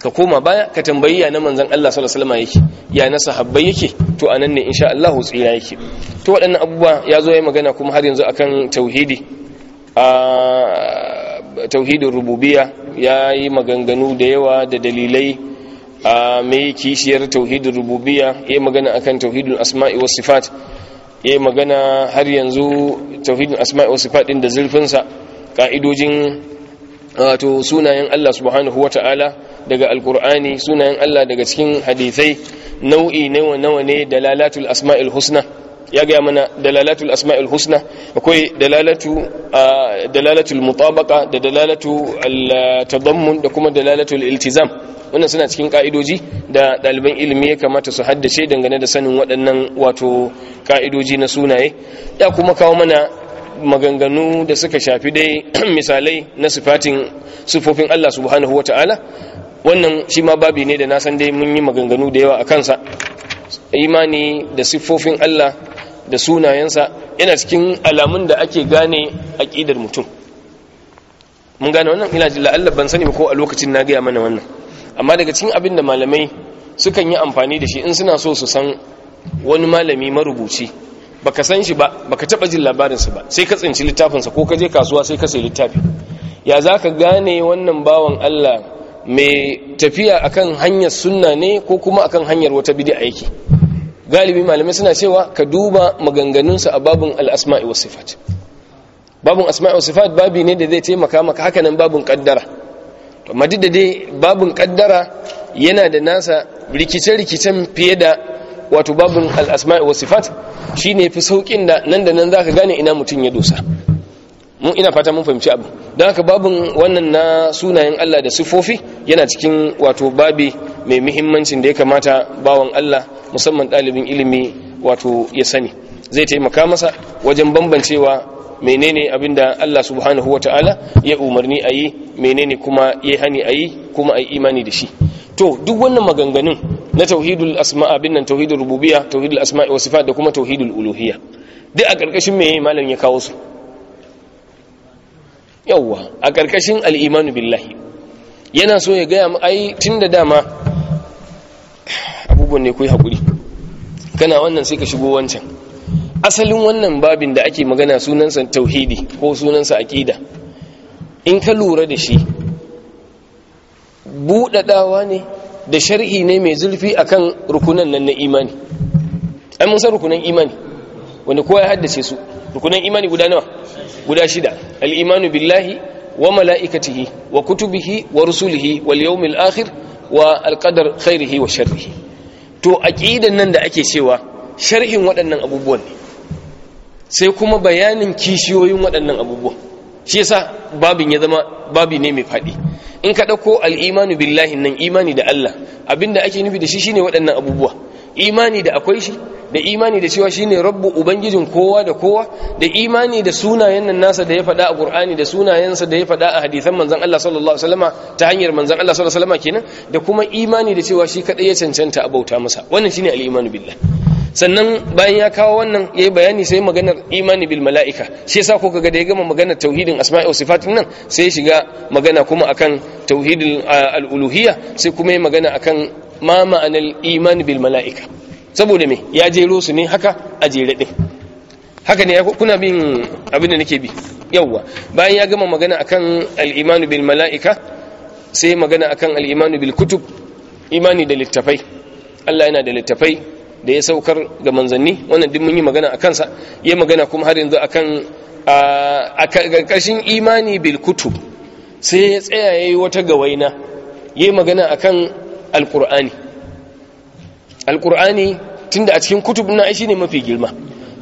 ka koma baya ka tambayi ya na manzon Allah sallallahu yake ya na sahabbai yake to a nan ne insha Allah tsira yake to waɗannan abubuwa ya zo ya magana kuma har yanzu akan tauhidi a tauhidin rububiya ya yi maganganu da yawa da dalilai a mai kishiyar tauhidin rububiya ya yi magana akan tauhidin asma'i wa sifat ya yi magana har yanzu tauhidin asma'i wa sifat din da zurfinsa ka'idojin wato sunayen Allah subhanahu ta'ala. daga alkur'ani sunayen Allah daga cikin hadisai nau'i nawa nawa ne dalalatul asma'il husna ya gaya mana dalalatul asma'il husna akwai dalalatu dalalatul mutabaqa da dalalatu al-tadammun da kuma dalalatul iltizam wannan suna cikin ka'idoji da ɗaliban ilimi ya kamata su haddace dangane da sanin waɗannan wato ka'idoji na sunaye ya kuma kawo mana maganganu da suka shafi dai misalai na sifatin sufofin Allah subhanahu wata'ala wannan shi ma babi ne da na san dai mun yi maganganu da yawa a kansa imani da siffofin Allah da sunayensa yana cikin alamun da ake gane aƙidar mutum mun gane wannan ina jin Allah ban sani ba ko a lokacin na gaya mana wannan amma daga cikin abin da malamai sukan yi amfani da shi in suna so su san wani malami marubuci baka san shi ba baka taba jin labarin labarinsa ba sai ka tsinci littafinsa ko ka je kasuwa sai ka sai littafi ya zaka gane wannan bawan Allah mai tafiya akan hanyar sunna ne ko kuma akan hanyar wata bid'a aiki. galibi malamai suna cewa ka duba maganganunsa a babin al'asma'i wa sifat babin asma'i wa sifat babi ne da zai taimaka maka haka nan babin kaddara to madida dai babin kaddara yana da nasa rikice-rikicen fiye da wato babin al'asma'i wa sifat shine fi saukin da nan da nan zaka gane ina mutum ya dosa mun ina fata mun fahimci abu don haka babin wannan na sunayen Allah da sifofi yana cikin wato babi mai muhimmancin da ya kamata bawan Allah musamman ɗalibin ilimi wato ya sani zai taimaka masa wajen bambancewa menene abinda Allah subhanahu ta'ala ya umarni a yi menene kuma ya hani a yi kuma a yi imani da shi to duk wannan maganganun na tauhidul asma'a bin nan tauhidul rububiyya tauhidul asma'i wa sifat da kuma tauhidul uluhiyya dai a ƙarƙashin me malam ya kawo su yawwa a ƙarƙashin al'imanu billahi yana so ya gaya ai tun da dama abubuwan ne ku yi haƙuri kana wannan sai ka shigo wancan asalin wannan babin da ake magana sunansa tauhidi ko sunansa aƙida in ka lura da shi buɗaɗawa ne da shar'i ne mai zulfi akan rukunan nan na imani ai mun san rukunan imani wanda kowa ya haddace su rukunan imani guda nawa guda shida al billahi wa mala'ikatihi wa kutubihi wa rusulihi wal yawmil akhir wa alqadar khairihi wa sharrihi to aqidan nan da ake cewa sharhin waɗannan abubuwan ne sai kuma bayanin kishiyoyin waɗannan abubuwan shi yasa babin ya zama babi ne mai fadi. in ka ɗauko al'imanu billahi nan imani da Allah abinda ake nufi da shi shine waɗannan abubuwa imani da akwai shi da imani da cewa shine rabbu ubangijin kowa da kowa da imani da sunayen nan nasa da ya faɗa a qur'ani da sunayensa da ya faɗa a hadisan manzon Allah sallallahu alaihi wasallama ta hanyar manzon Allah sallallahu alaihi wasallama kenan da kuma imani da cewa shi kadai ya cancanta a bauta masa wannan shine al-imanu billah sannan bayan ya kawo wannan ya yi bayani sai maganar imani bil mala'ika shi yasa ko kaga da ya gama maganar tauhidin asma'i wa sifatin nan sai ya shiga magana kuma akan tauhidin Al-Uluhiya sai kuma ya magana akan ma ma'anar iman bil mala'ika saboda me ya jero su ne haka a jere ɗin haka ne kuna bin abin da nake bi yawwa bayan ya gama magana akan al-imanu bil mala'ika sai magana akan al-imanu bil kutub imani da littafai Allah yana da littafai da ya saukar ga manzanni wannan duk mun yi magana akan sa ya magana kuma har yanzu akan a karkashin imani bil kutub sai ya tsaya yayi wata gawaina ya magana akan alkur'ani alkur'ani tunda a cikin kutub na shi ne mafi girma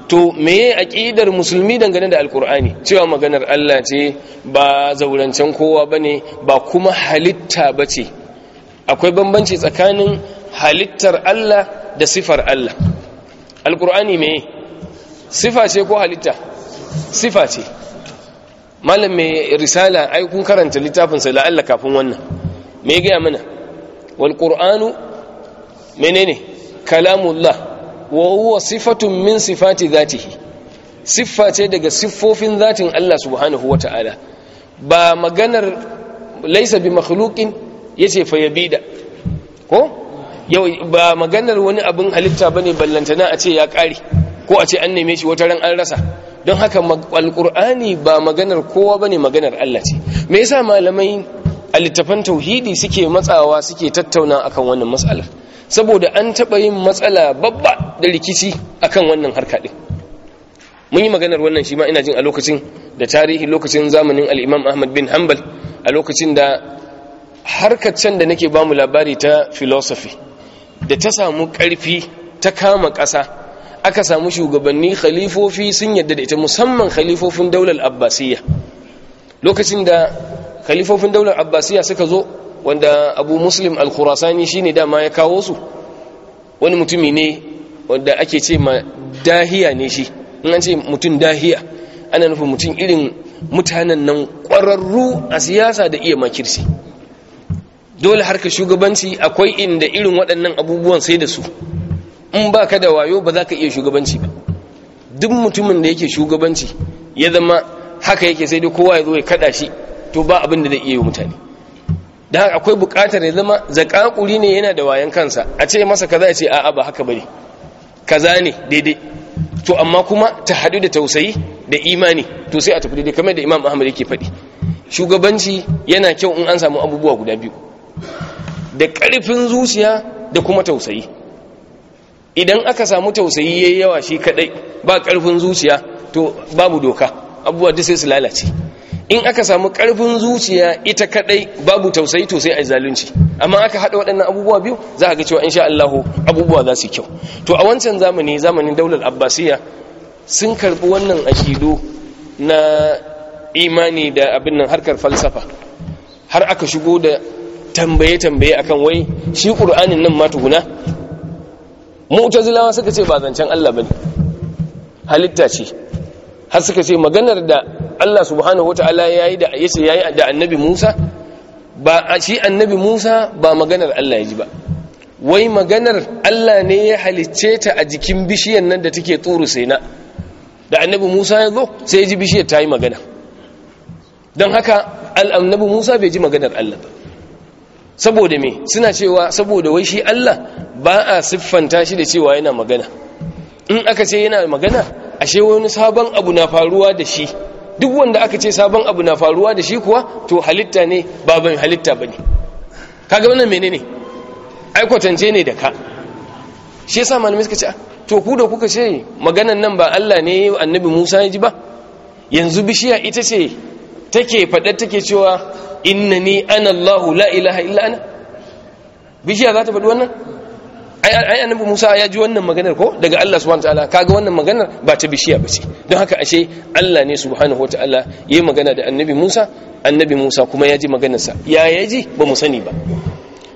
to meye ƙidar musulmi dangane da alkur'ani cewa maganar Allah ce ba zaurancen kowa ba ne, ba kuma halitta ba ce. akwai bambanci tsakanin halittar Allah da sifar Allah alkur'ani meye sifa ce ko halitta sifa ce malam mai risala ai kun karanta littafinsa la'alla kafin wannan me ya gaya mana Walƙur'anu qur'anu menene kalamullah wa huwa sifatun min sifati zatihi siffa ce daga siffofin zatin Allah subhanahu wata'ala ba maganar laisa bi makhluqin yace fa yabida ko yau ba maganar wani abin halitta bane ballantana a ce ya kare ko a ce an neme shi wata ran an rasa don haka alqur'ani ba maganar kowa bane maganar Allah ce me yasa malamai a littafan tauhidi suke matsawa suke tattauna akan wannan matsala saboda an taɓa yin matsala babba da rikici akan wannan harka ɗin mun yi maganar wannan shi ma ina jin a lokacin da tarihi lokacin zamanin al'imam ahmad bin hanbal a lokacin da harkar can da nake bamu labari ta philosophy da ta samu ƙarfi ta kama ƙasa aka samu shugabanni khalifofi sun yadda da ita musamman khalifofin daular abbasiyya lokacin da Kalifofin daular abbasiya suka zo wanda abu muslim al-khurasani shine dama ya kawo su wani mutumi ne wanda ake ce ma dahiya ne shi in an ce mutum dahiya ana nufin mutum irin mutanen nan ƙwararru a siyasa da iya makirsi dole harka shugabanci akwai inda irin waɗannan abubuwan sai da su in ba ka da wayo ba za ka iya shugabanci ba duk mutumin da yake shugabanci ya zama haka yake sai dai kowa ya zo ya kada shi to ba abin da zai iya yi mutane da akwai bukatar ya zama zakakuri ne yana da wayan kansa a ce masa kaza ya ce a'a ba haka ne. kaza ne daidai to amma kuma ta hadu da tausayi da imani to sai a tafi daidai kamar da imam ahmad yake faɗi shugabanci yana kyau in an samu abubuwa guda biyu da ƙarfin zuciya da kuma tausayi idan aka samu tausayi yayi yawa shi kadai ba ƙarfin zuciya to babu doka abubuwa duk sai su lalace in aka samu karfin zuciya ita kadai babu tausayi to sai ai zalunci amma aka hada waɗannan abubuwa biyu za ka ga cewa insha Allah abubuwa za su kyau to a wancan zamani zamanin daular abbasiya sun karbi wannan ashido na imani da abin nan harkar falsafa har aka shigo da tambaye tambaye akan wai shi qur'anin nan ma tuhuna mu'tazilawa suka ce ba zancen Allah bane halitta ce har suka ce maganar da Allah subhanahu wataala yayi yi yace da annabi Musa ba a shi annabi Musa ba maganar Allah ya ji ba wai maganar Allah ne ya halicce ta a jikin bishiyar nan da take sai na. da annabi Musa ya zo sai ya ji bishiyar ta yi magana don haka annabi Musa bai ji maganar Allah ba saboda me suna cewa saboda wai shi Allah ba a siffanta shi da cewa yana magana in aka ce yana magana ashe wani sabon abu na faruwa da shi duk wanda aka ce sabon abu na faruwa da shi kuwa to halitta ne baban halitta ba ne kaga wannan menene ai kwatance ne da ka shi yasa malamai suka ce ah, to ku da kuka ce maganan nan ba Allah ne annabi Musa ya ji ba yanzu bishiya ita ce take faɗa take cewa innani ana Allahu la ilaha illa ana bishiya za ta faɗi wannan ai annabi Musa ya ji wannan maganar ko daga Allah subhanahu wataala kaga wannan maganar ba ta bishiya ba ce don haka ashe Allah ne subhanahu wataala yayi magana da annabi Musa annabi Musa kuma ya ji maganar sa ya ya ji ba mu sani ba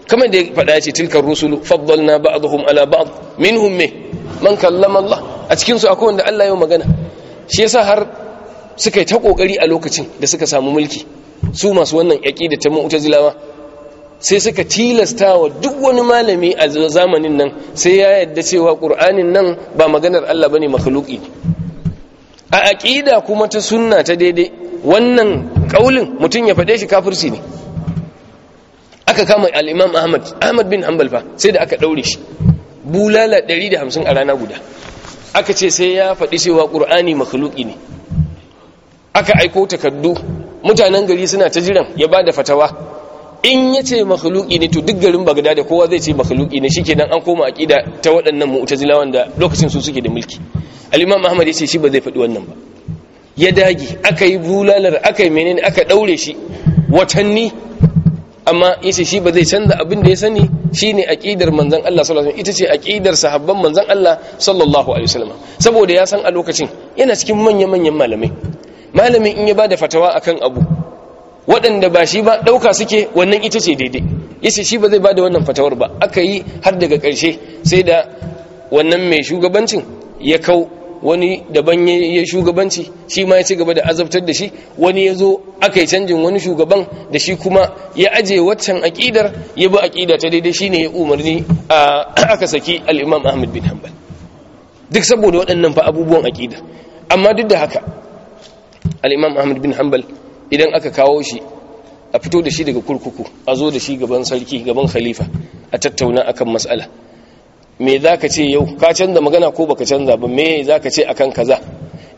kamar da ya faɗa ya ce tilkar rusulu faddalna ba'dhum ala ba'd minhum man kallama Allah a cikin su akwai wanda Allah ya magana shi yasa har suka yi ta kokari a lokacin da suka samu mulki su masu wannan yaki da ta mu'tazilawa sai suka tilasta wa duk wani malami a zamanin nan sai ya yadda cewa ƙur'anin nan ba maganar Allah ba bane makhluki a aƙida kuma ta sunna ta daidai wannan ƙaulin mutum ya faɗe shi kafirci ne aka kama al-Imam Ahmad Ahmad bin Hanbal fa sai da aka ɗaure shi bulala 150 a rana guda aka ce sai ya faɗi cewa ƙur'ani makhluki ne aka aiko takardu mutanen gari suna ta jiran ya bada fatawa in ya ce makhluki ne to duk garin da kowa zai ce makhluki ne nan an koma aqida ta waɗannan mu'tazilawan da lokacin su suke da mulki al-imam ahmad ya ce shi ba zai faɗi wannan ba ya dage aka yi bulalar aka yi menene aka ɗaure shi watanni amma yace shi ba zai canza abin da ya sani shine aqidar manzon Allah sallallahu alaihi wasallam ita ce aqidar sahabban manzan Allah sallallahu alaihi saboda ya san a lokacin yana cikin manyan manyan malamai malamin in ya bada fatawa akan abu waɗanda ba shi ba ɗauka suke wannan ita ce daidai yace shi ba zai ba da wannan fatawar ba aka yi har daga ƙarshe sai da wannan mai shugabancin ya kau wani daban ya shugabanci shi ma ya ci gaba da azabtar da shi wani ya zo aka yi canjin wani shugaban da shi kuma ya aje waccan aƙidar ya bi aƙida ta daidai ne ya umarni aka saki al Ahmad bin Hanbal duk saboda waɗannan fa abubuwan aƙida amma duk da haka al-Imam Ahmad bin Hanbal idan aka kawo shi a fito da shi daga kurkuku a zo da shi gaban sarki gaban khalifa a tattauna akan matsala me zaka ce yau ka canza magana ko baka canza ba me zaka ce akan kaza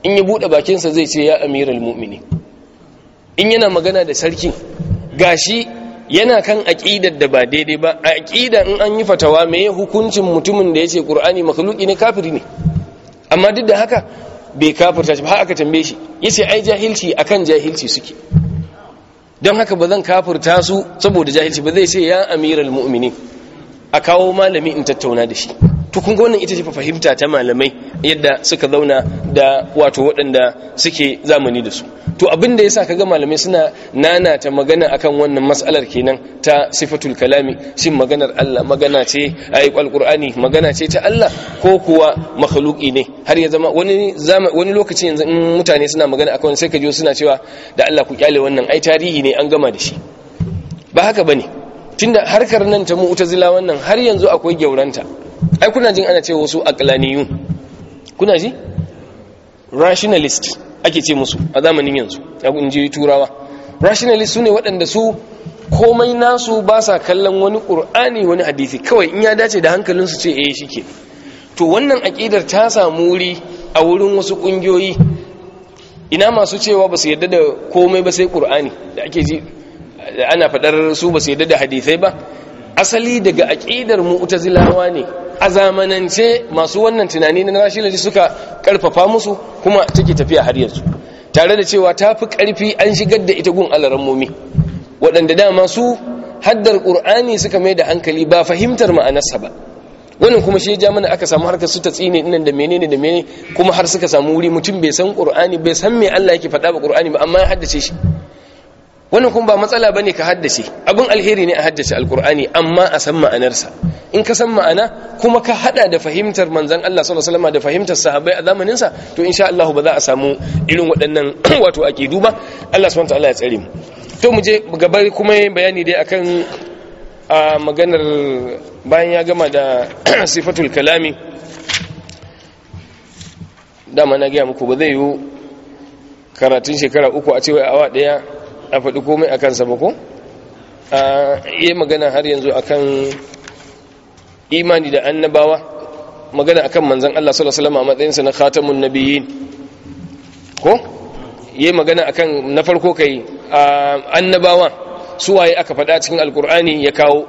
in ya buɗe sa zai ce ya amiral mu'mini in yana magana da sarki gashi yana kan aqidar da ba daidai ba a in an yi fatawa me hukuncin mutumin da ya ce ƙur'ani makhluki ne kafiri ne amma duk da haka bai kafirta shi ba aka tambaye shi yace ai jahilci akan jahilci suke don haka ba zan kafurta su saboda jahilci ba zai ce ya amiral muminin a kawo malami in tattauna da shi to kun ga wannan ita ce fahimta ta malamai yadda suka zauna da wato waɗanda suke zamani da su to abin da yasa kaga malamai suna nana ta magana akan wannan mas'alar kenan ta sifatul kalami shin maganar Allah magana ce ai alqur'ani magana ce ta Allah ko kuwa makhluqi ne har ya zama wani wani lokaci yanzu mutane suna magana akan sai ka ji suna cewa da Allah ku kyale wannan ai tarihi ne an gama da shi ba haka bane tunda harkar nan ta mu'tazila wannan har yanzu akwai gyauranta ai kuna jin ana ce wasu aqlaniyun kuna ji rationalist ake ce musu a zamanin yanzu in ji turawa rationalist sune ne waɗanda su komai nasu ba sa kallon wani ƙur'ani wani hadisi kawai in ya dace da hankalin su ce eh shi to wannan aƙidar ta samu wuri a wurin wasu ƙungiyoyi ina masu cewa ba su yarda da komai ba sai qur'ani da ake ji ana faɗar su ba su yarda da hadisai ba asali daga aƙidar mu'tazilawa ne a zamanance masu wannan tunani na rashilaji suka ƙarfafa musu kuma take tafiya har yanzu tare da cewa ta fi ƙarfi an shigar da ita gun mumi. waɗanda dama su haddar ƙur'ani suka mai da hankali ba fahimtar ma'anarsa ba wannan kuma shi ja mana aka samu harkar su ta tsine nan da menene da menene kuma har suka samu wuri mutum bai san ƙur'ani bai san me Allah yake faɗa ba ƙur'ani ba amma ya haddace shi wannan kuma ba matsala bane ka haddace abin alheri ne a haddace alqur'ani amma a san ma'anarsa in ka san ma'ana kuma ka hada da fahimtar manzon Allah sallallahu alaihi wasallam da fahimtar sahabbai a zamanin sa to insha Allah ba za a samu irin waɗannan wato aqidu ba Allah subhanahu wa ta'ala ya tsare mu to mu je gaba kuma bayani dai akan a maganar bayan ya gama da sifatul kalami dama na gaya muku ba zai yi karatun shekara uku a cewa awa daya a faɗi komai a kansa ba ko a yi magana har yanzu akan imani da annabawa magana akan manzan Allah sallallahu alaihi a matsayinsa na khatamun nabiyyin ko yi magana akan na farko kai annabawa suwaye aka faɗa cikin alkur'ani ya kawo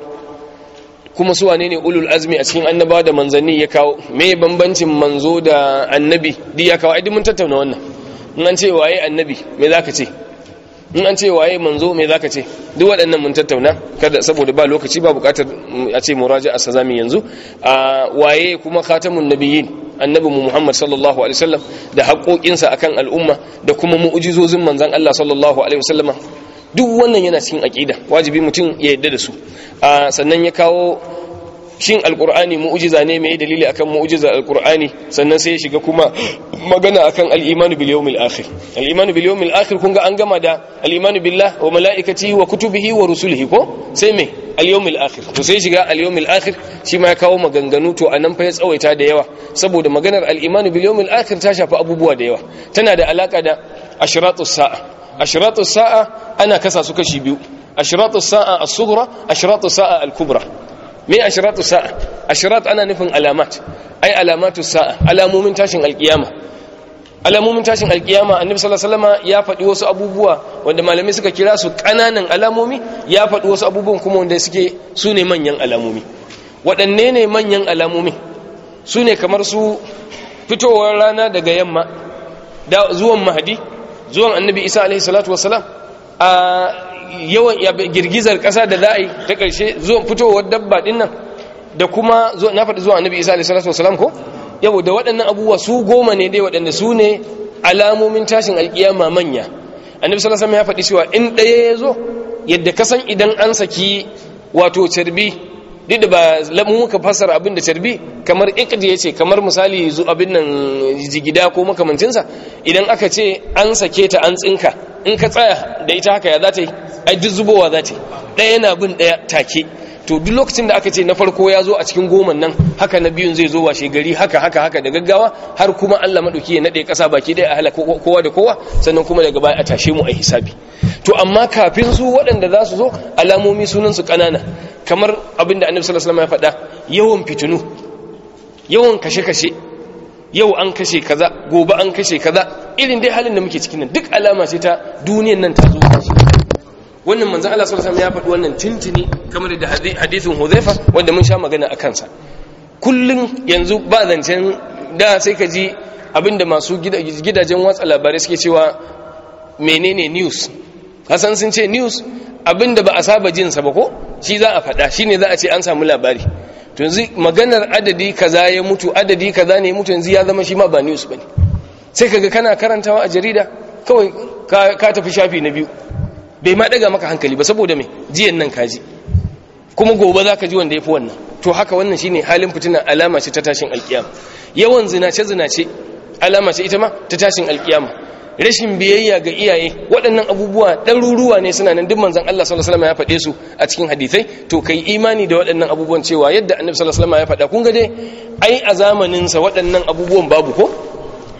kuma suwane ne ulul azmi a cikin annabawa da manzanni ya kawo me bambancin manzo da annabi di ya kawo aidi mun tattauna wannan in an ce waye annabi me ka ce in an ce waye manzo me zaka ce duk waɗannan mun tattauna kada saboda ba lokaci ba buƙatar a ce muraja'a a zamu yanzu a waye kuma khatamun nabiyyin annabi Muhammad sallallahu alaihi wasallam da haƙoƙinsa akan al'umma da kuma mu'jizozin manzon Allah sallallahu alaihi wasallama duk wannan yana cikin aƙida wajibi mutum ya yadda da su sannan ya kawo shin alkur'ani mu'jiza ne mai dalili akan mu'ujizar alkur'ani sannan sai ya shiga kuma magana akan al'imanu bil yawmil akhir al'imanu bil yawmil akhir kun ga an gama da al'imanu billah wa malaikatihi wa kutubihi wa rusulihi ko sai me al yawmil akhir to sai shiga al yawmil akhir shi ma ya kawo maganganu to anan fa ya tsawaita da yawa saboda maganar al'imanu bil yawmil akhir ta shafi abubuwa da yawa tana da alaka da ashratus sa'a ashratus sa'a ana kasa su kashi biyu ashratus sa'a as-sughra ashratus sa'a al-kubra me ashiratu sa'a ashirat ana nufin alamat ai alamatu sa'a alamomin tashin alkiyama alamomin tashin alkiyama annabi sallallahu alaihi wasallam ya faɗi wasu abubuwa wanda malamai suka kira su ƙananan alamomi ya faɗi wasu abubuwan kuma wanda suke su ne manyan alamomi waɗanne ne manyan alamomi su ne kamar su fitowar rana daga yamma da zuwan mahadi zuwan annabi isa alaihi salatu wasalam a yawan girgizar ƙasa da za a yi ta ƙarshe zuwan fitowar dabba ɗin nan da kuma na faɗi zuwa annabi isa alaihi wasalam ko yau da waɗannan abubuwa su goma ne dai waɗanda su ne alamomin tashin alƙiyama manya annabi sallallahu alaihi ya faɗi cewa in ɗaya ya zo yadda kasan idan an saki wato carbi duk da ba muka fasara abin da carbi kamar ikdi ya ce kamar misali zu abin nan jigida ko makamancinsa idan aka ce an sake ta an tsinka in ka tsaya da ita haka ya za ta yi ai duk zubowa za ta yi ɗaya na bin ɗaya take to duk lokacin da aka ce na farko ya zo a cikin goman nan haka na biyun zai zo washe gari haka haka haka da gaggawa har kuma Allah maɗauki ya naɗe ƙasa baki dai a halaka kowa da kowa sannan kuma daga baya a tashe mu a hisabi to amma kafin su waɗanda za su zo alamomi sunan su kanana kamar abin da Annabi sallallahu alaihi ya faɗa yawan fitinu yawan kashe-kashe yau an kashe kaza gobe an kashe kaza irin dai halin da muke cikin nan duk alama ce ta duniyar nan ta zo kashi wannan manzan Allah sallallahu alaihi wasallam ya faɗi wannan tintini kamar da hadisin Hudhaifa wanda mun sha magana a kansa kullun yanzu ba zancen da sai ka ji abinda masu gidajen watsa labarai suke cewa menene news hasan sun ce news abinda ba a saba jin sa ba ko shi za a faɗa shine za a ce an samu labari to yanzu maganar adadi kaza ya mutu adadi kaza ne mutu yanzu ya zama shi ma ba news bane sai kaga kana karantawa a jarida kawai ka tafi shafi na biyu bai ma daga maka hankali ba saboda mai jiyan nan kaji kuma gobe za ka ji wanda ya fi wannan to haka wannan shine halin fitina alama ce ta tashin alkiyama yawan zinace zinace alama ce ita ma ta tashin alkiyama rashin biyayya ga iyaye waɗannan abubuwa ɗaruruwa ne suna nan duk manzon Allah sallallahu alaihi wasallam ya faɗe su a cikin hadisai to kai imani da waɗannan abubuwan cewa yadda annabi sallallahu alaihi wasallam ya faɗa kun ga dai ai a zamanin sa waɗannan abubuwan babu ko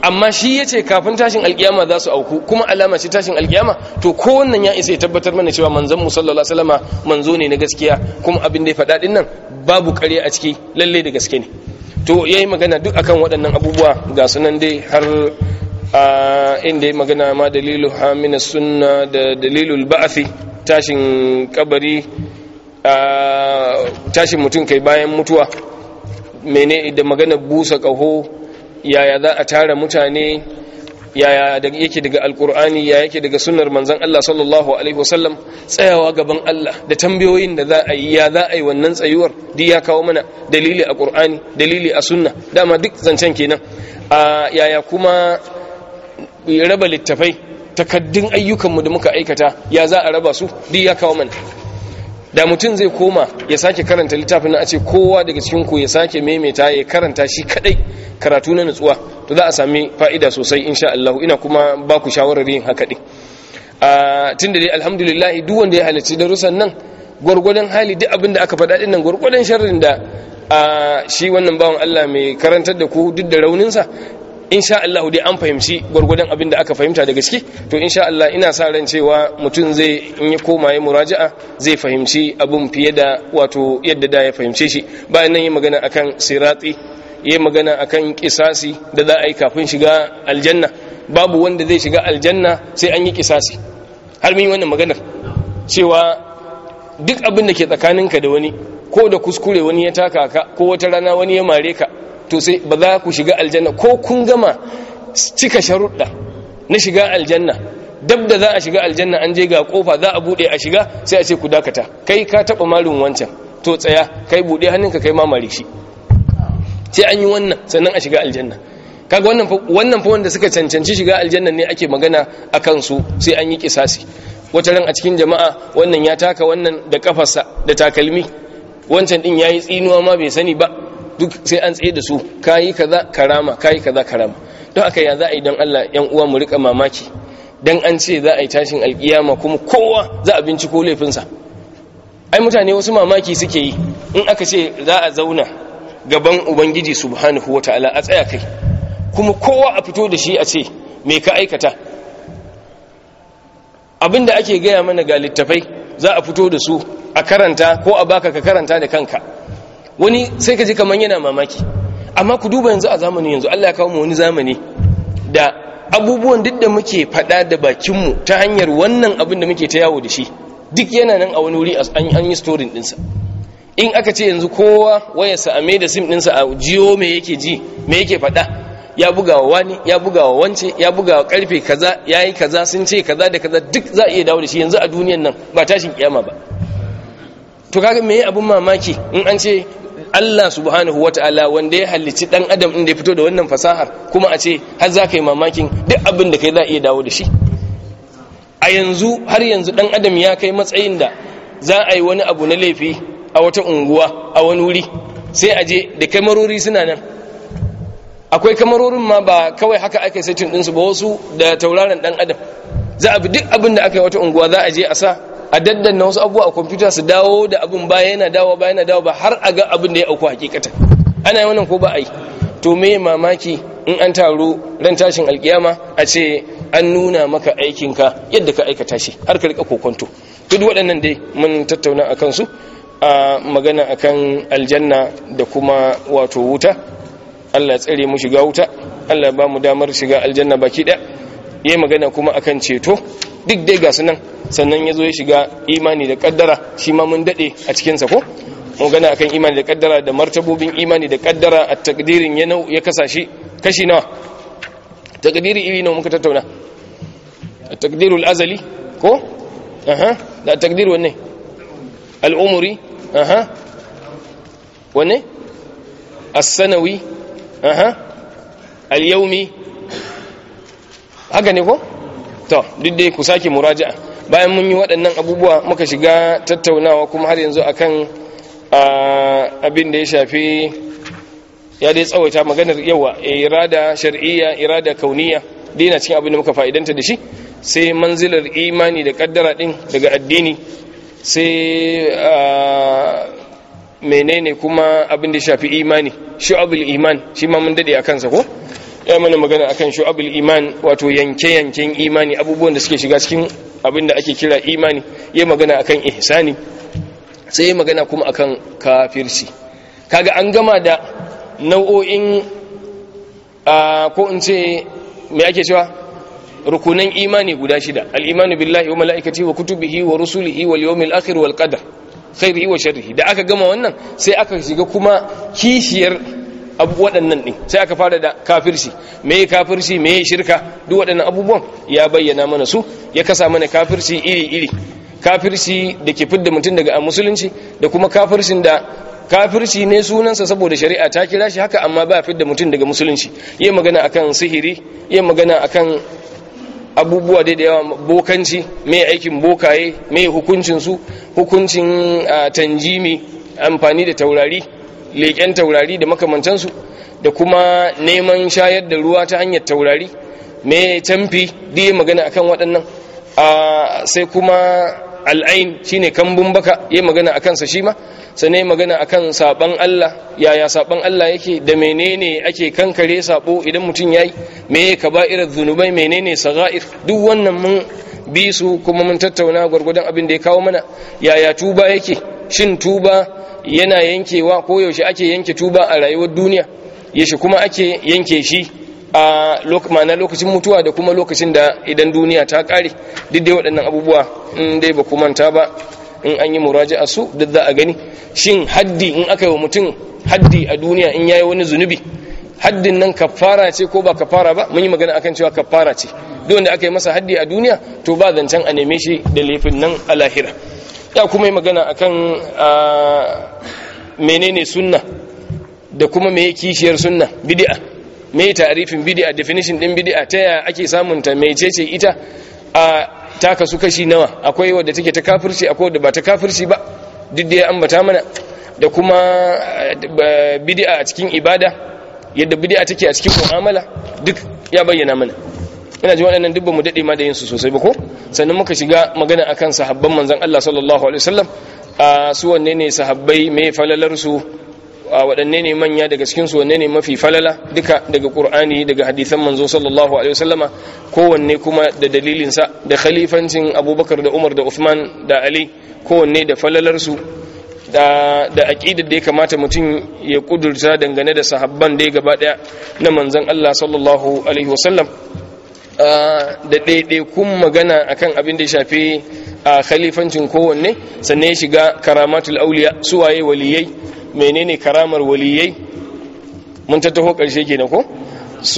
amma shi ya ce kafin tashin alkiyama za su auku kuma alama ce tashin alkiyama to ko ya isa ya tabbatar mana cewa manzon mu sallallahu alaihi wasallama manzo ne na gaskiya kuma abin da ya faɗa din nan babu ƙarya a ciki lalle da gaske ne to yayi magana duk akan waɗannan abubuwa ga sunan dai har a inda ya magana ma dalilu hamina sunna da dalilul ba'afi tashin kabari tashin mutum kai bayan mutuwa mene da magana busa kaho yaya za a tara mutane yaya yake daga alkur'ani ya yake daga sunar manzan Allah sallallahu alaihi wasallam tsayawa gaban Allah da tambayoyin da za a yi ya za a yi wannan tsayuwar duk ya kawo mana dalili a Ƙur'ani, dalili a sunna dama duk zancen kenan a yaya kuma raba littafai takaddun ayyukanmu da muka aikata ya za a raba su duk ya kawo mana da mutum zai koma ya sake karanta littafin na a ce kowa daga cikin ku ya sake maimaita ya karanta shi kadai karatu na nutsuwa to za a sami fa'ida sosai insha Allah ina kuma ba ku shawarar yin haka din a da dai alhamdulillah duk wanda ya halarci darussan nan gwargwadon hali duk abin da aka faɗa din nan gwargwadon sharrin da shi wannan bawan Allah mai karantar da ku duk da rauninsa insha Allah dai an fahimci gwargwadon abin da aka fahimta da gaske to insha Allah ina sa ran cewa mutum zai in ya koma ya muraja'a zai fahimci abin fiye da wato yadda da ya fahimce shi bayan nan yi magana akan sirati yi magana akan kisasi da za a yi kafin shiga aljanna babu wanda zai shiga aljanna sai an yi kisasi har mun yi wannan maganar cewa duk abin da ke tsakaninka da wani ko da kuskure wani ya taka ka ko wata rana wani ya mare ka to sai ba za ku shiga aljanna ko kun gama cika sharuɗa na shiga aljanna dab da za a shiga aljanna an je ga kofa za a buɗe a shiga sai a ce ku dakata kai ka taɓa malin wancan to tsaya kai buɗe hannunka kai mamare shi sai an yi wannan sannan a shiga aljanna kaga wannan wannan fa wanda suka cancanci shiga aljanna ne ake magana akan su sai an yi kisasi wata ran a cikin jama'a wannan ya taka wannan da kafarsa da takalmi wancan din yayi tsinuwa ma bai sani ba duk sai an tsaye da su kayi kaza karama kayi kaza karama don aka ya za a yi don Allah yan uwa mu rika mamaki dan an ce za a yi tashin alkiyama kuma kowa za a binciko laifinsa ai mutane wasu mamaki suke yi in aka ce za a zauna gaban ubangiji subhanahu wataala a tsaya kai kuma kowa a fito da shi a ce me ka aikata Abin da ake gaya mana ga littafai za a fito da su a karanta ko a baka ka karanta da kanka wani sai ka ji kamar yana mamaki amma ku duba yanzu a zamanin yanzu Allah ya kawo mu wani zamani da abubuwan duk da muke faɗa da bakinmu ta hanyar wannan abin da muke ta yawo da shi duk yana nan a wani wuri an yi storin ɗinsa in aka ce yanzu kowa wayarsa a mai da sim ɗinsa a jiyo me yake ji me yake faɗa ya buga wa wani ya buga wa wance ya buga wa karfe kaza ya yi kaza sun ce kaza da kaza duk za a iya dawo da shi yanzu a duniyan nan ba tashin kiyama ba to kaga me abun mamaki in an ce Allah subhanahu wa ta'ala wanda ya halicci dan adam inda ya fito da wannan fasahar kuma a ce har za ka yi mamakin duk abin da kai za iya dawo da shi a yanzu har yanzu dan adam ya kai matsayin da za a yi wani abu na laifi a wata unguwa a wani wuri sai a je da kamarori suna nan akwai kamarorin ma ba kawai haka aka tun ɗinsu ba wasu da tauraron dan adam za a bi duk abin da aka yi wata unguwa za a je a sa a daddanna wasu abubuwa a kwamfuta su dawo da abin baya yana dawo ba yana dawo ba har a ga abin da ya auku hakikata ana yi wannan ko ba a yi to me mamaki in an taru ran tashin alkiyama a ce an nuna maka aikinka yadda ka aikata shi har ka rika kokonto duk waɗannan dai mun tattauna akan su a magana akan aljanna da kuma wato wuta Allah tsare mu shiga wuta Allah ba mu damar shiga aljanna baki ɗaya yayi magana kuma akan ceto duk dai ga su nan sannan ya zo ya shiga imani da kaddara shi ma mun dade a cikinsa ko gana akan imani da kaddara da martabobin imani da kaddara a takdirin ya nau ya kasa shi kashi nawa takdiri iri nawa muka tattauna takdirul azali ko aha da takdir wanne al'umuri aha wanne as-sanawi aha al-yawmi haka ne ko to duk dai ku sake muraja'a bayan mun yi waɗannan abubuwa muka shiga tattaunawa kuma har yanzu akan abin da ya shafi ya dai tsawaita maganar yawa eh, irada shar'iyya irada kauniya dina cikin abin da muka fa'idanta da shi sai manzilar imani da kaddara din daga addini sai menene kuma abin da shafi imani shi shu'abul iman shi ma mun dade a kansa ko ya mana magana akan shu'abul iman wato yanke-yanken imani abubuwan da suke shiga cikin abinda ake kira imani ya magana akan ihsani sai ya magana kuma akan kafirci kaga an gama da nau'o'in ko in ce me ake cewa rukunan imani guda shida al-imanu billahi wa mala'ikati wa kutubihi wa rusulihi wal yawmil akhir wal qadar khairihi wa sharrihi da aka gama wannan sai aka shiga kuma kishiyar abu waɗannan ɗin sai aka fara da kafirci me kafirci me shirka duk waɗannan abubuwan ya bayyana mana su ya kasa mana kafirci iri-iri kafirci da ke fidda mutum daga a musulunci da kuma kafircin da kafirci ne sunansa saboda shari'a ta kira shi haka amma ba fidda mutum daga musulunci Yin magana akan sihiri yin magana akan abubuwa da yawa bokanci mai aikin bokaye mai hukuncinsu hukuncin ah, tanjimi amfani da taurari leƙen taurari da makamantansu da kuma neman shayar da ruwa ta hanyar taurari me tamfi diye magana a kan waɗannan sai kuma al'ain shi ne kambun baka ya magana a kansa shi ma sannan ya magana akan saban Allah yaya saɓon Allah yake da menene ake kankare saɓo idan mutum ya yayi me irin zunubai menene saga'ir duk wannan mun bi su kuma mun tattauna gwargwadon abin da ya kawo mana yaya tuba yake shin tuba yana yankewa ko yaushe ake yanke tuba a rayuwar duniya yaushe kuma ake yanke shi a ma'ana lokacin mutuwa da kuma lokacin da idan duniya ta kare duk dai waɗannan abubuwa in dai ba ku manta ba in an yi a su duk za a gani shin haddi in aka yi wa mutum haddi a duniya in yayi wani zunubi haddin nan kafara ce ko ba kafara ba mun yi magana akan cewa kafara ce duk wanda aka yi masa haddi a duniya to ba zancen a neme shi da laifin nan a lahira ya kuma yi magana a kan menene sunna da kuma me kishiyar sunna bidi'a me tarifin bidi'a definition din bidi'a ta ya ake samunta mai cece ita a ta kasu kashi nawa akwai wadda take ta kafirci akwai wadda ba ta kafirci ba duk da ya ambata mana da kuma bidi'a a cikin ibada yadda bidi'a take a cikin mu'amala duk ya bayyana mana ina ji waɗannan dubban mu daɗe ma da yin sosai ba ko sannan muka shiga magana akan sahabban manzan Allah sallallahu alaihi wasallam a su wanne ne sahabbai mai falalar su a waɗanne ne manya daga cikin su wanne ne mafi falala duka daga Qur'ani daga hadisan manzo sallallahu alaihi wasallama kowanne kuma da dalilin sa da khalifancin Abubakar da Umar da Uthman da Ali kowanne da falalar su da da aqidar da ya kamata mutum ya kudurta dangane da sahabban da ya gaba daya na manzon Allah sallallahu alaihi wasallam da ɗaiɗaikun magana akan abin da shafi a khalifancin kowanne sannan ya shiga karamatul auliya waye waliyai menene karamar waliyai mun tattaho ƙarshe kenan ko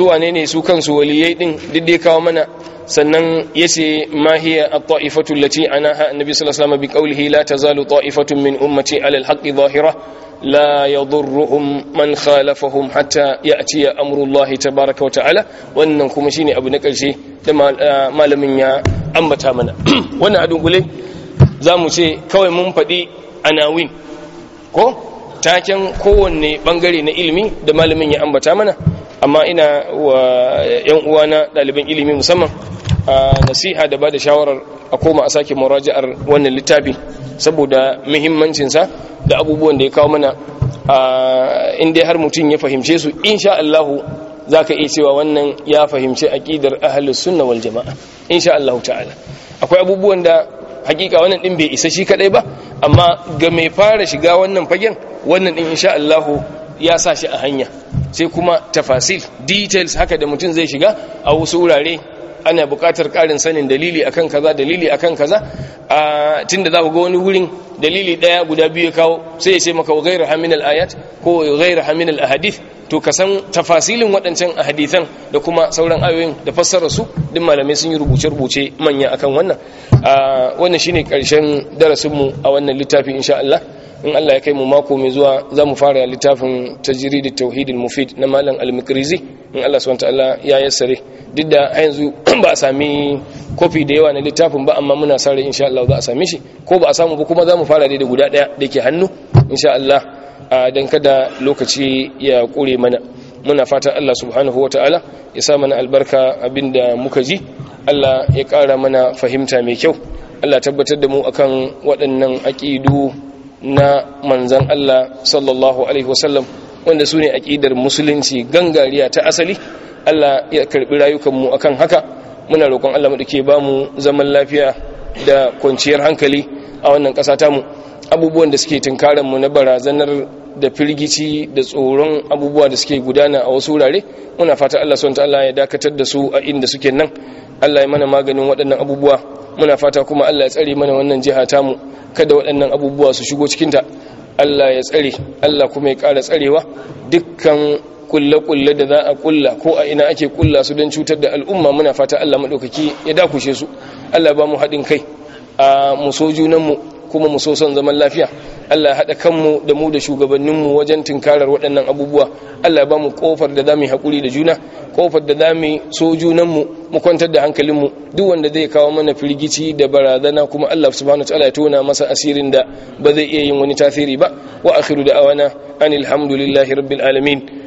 wane ne su kansu waliyai din duk ya kawo mana sannan ya ce mahiya a ta'ifatun lati a na haɗa nabi bi ƙaulihi la ta zalu ta'ifatun min alal alalhaƙi zahira la ya zurruhun man khalafahum hatta ya a ciye amurullahi ta baraka wa wannan kuma shi ne abu na ƙarshe da ah, malamin ya ambata mana wannan haɗin gule za mu ce kawai mun faɗi a nawin ko taken kowanne ɓangare na ilimi da malamin ya ambata mana amma ina wa 'yan eh, uwana ɗaliban ilimi musamman nasiha da ba da shawarar a koma a sake muraji'ar wannan littafi saboda muhimmancinsa da abubuwan da ya kawo mana in dai har mutum ya fahimce su insha Allah za ka iya cewa wannan ya fahimce aƙidar ahalus sunna wal jama'a insha Allah ta'ala akwai abubuwan da hakika wannan din bai isa shi kadai ba amma ga mai fara shiga wannan fagen wannan din insha Allah ya sa shi a hanya sai kuma tafasil details haka da mutum zai shiga a wasu wurare ana buƙatar karin sanin dalili akan kaza dalili akan kaza a tunda za ku ga wani wurin dalili ɗaya guda biyu ya kawo sai ya ce maka wa ghairu al ayat ko ghairu hamin ahadith to ka san tafasilin waɗancan ahadithan da kuma sauran ayoyin da fassara su duk malamai sun yi rubuce-rubuce manya akan wannan wannan shine darasin mu a wannan littafi insha Allah in Allah ya kai mu mako mai zuwa za mu fara littafin tajrid tauhid mufid na malam al-mikrizi in Allah subhanahu ta'ala ya yassare duk da a yanzu ba a sami kofi da yawa na littafin ba amma muna sa insha Allah za a sami shi ko ba a samu ba kuma za mu fara dai da guda daya dake hannu insha Allah a dan kada lokaci ya kure mana muna fatan Allah subhanahu wa ta'ala ya sa mana albarka abinda muka ji Allah ya kara mana fahimta mai kyau Allah tabbatar da mu akan waɗannan aƙidu na manzan Allah sallallahu alaihi wasallam wanda su ne aƙidar musulunci gangariya ta asali Allah ya karɓi rayukanmu a kan haka muna roƙon Allah ke ba mu zaman lafiya da kwanciyar hankali a wannan ƙasa mu. abubuwan da suke mu na barazanar da firgici da tsoron abubuwa da suke gudana a wasu wurare muna fata Allah Allah ya dakatar da su a inda suke nan Allah ya mana maganin waɗannan abubuwa muna fata kuma Allah ya tsare mana wannan jiha tamu kada waɗannan abubuwa su shigo cikinta Allah ya tsare Allah kuma ya ƙara tsarewa dukkan kulle-kulle da za a kulla ko a ina ake kulla su don cutar da al'umma muna fata Allah maɗaukaki ya dakushe su Allah ba mu haɗin kai a mu junanmu kuma mu so son zaman lafiya Allah haɗa kanmu da mu da shugabanninmu wajen tunkarar waɗannan abubuwa Allah ba mu ƙofar da za mu haƙuri da juna ƙofar da za mu so junanmu mu kwantar da hankalinmu duk wanda zai kawo mana firgici da barazana kuma Allah subhanahu wa ta'ala ya tona masa asirin da ba zai iya yin wani tasiri ba wa akhiru awana anil hamdulillahi rabbil alamin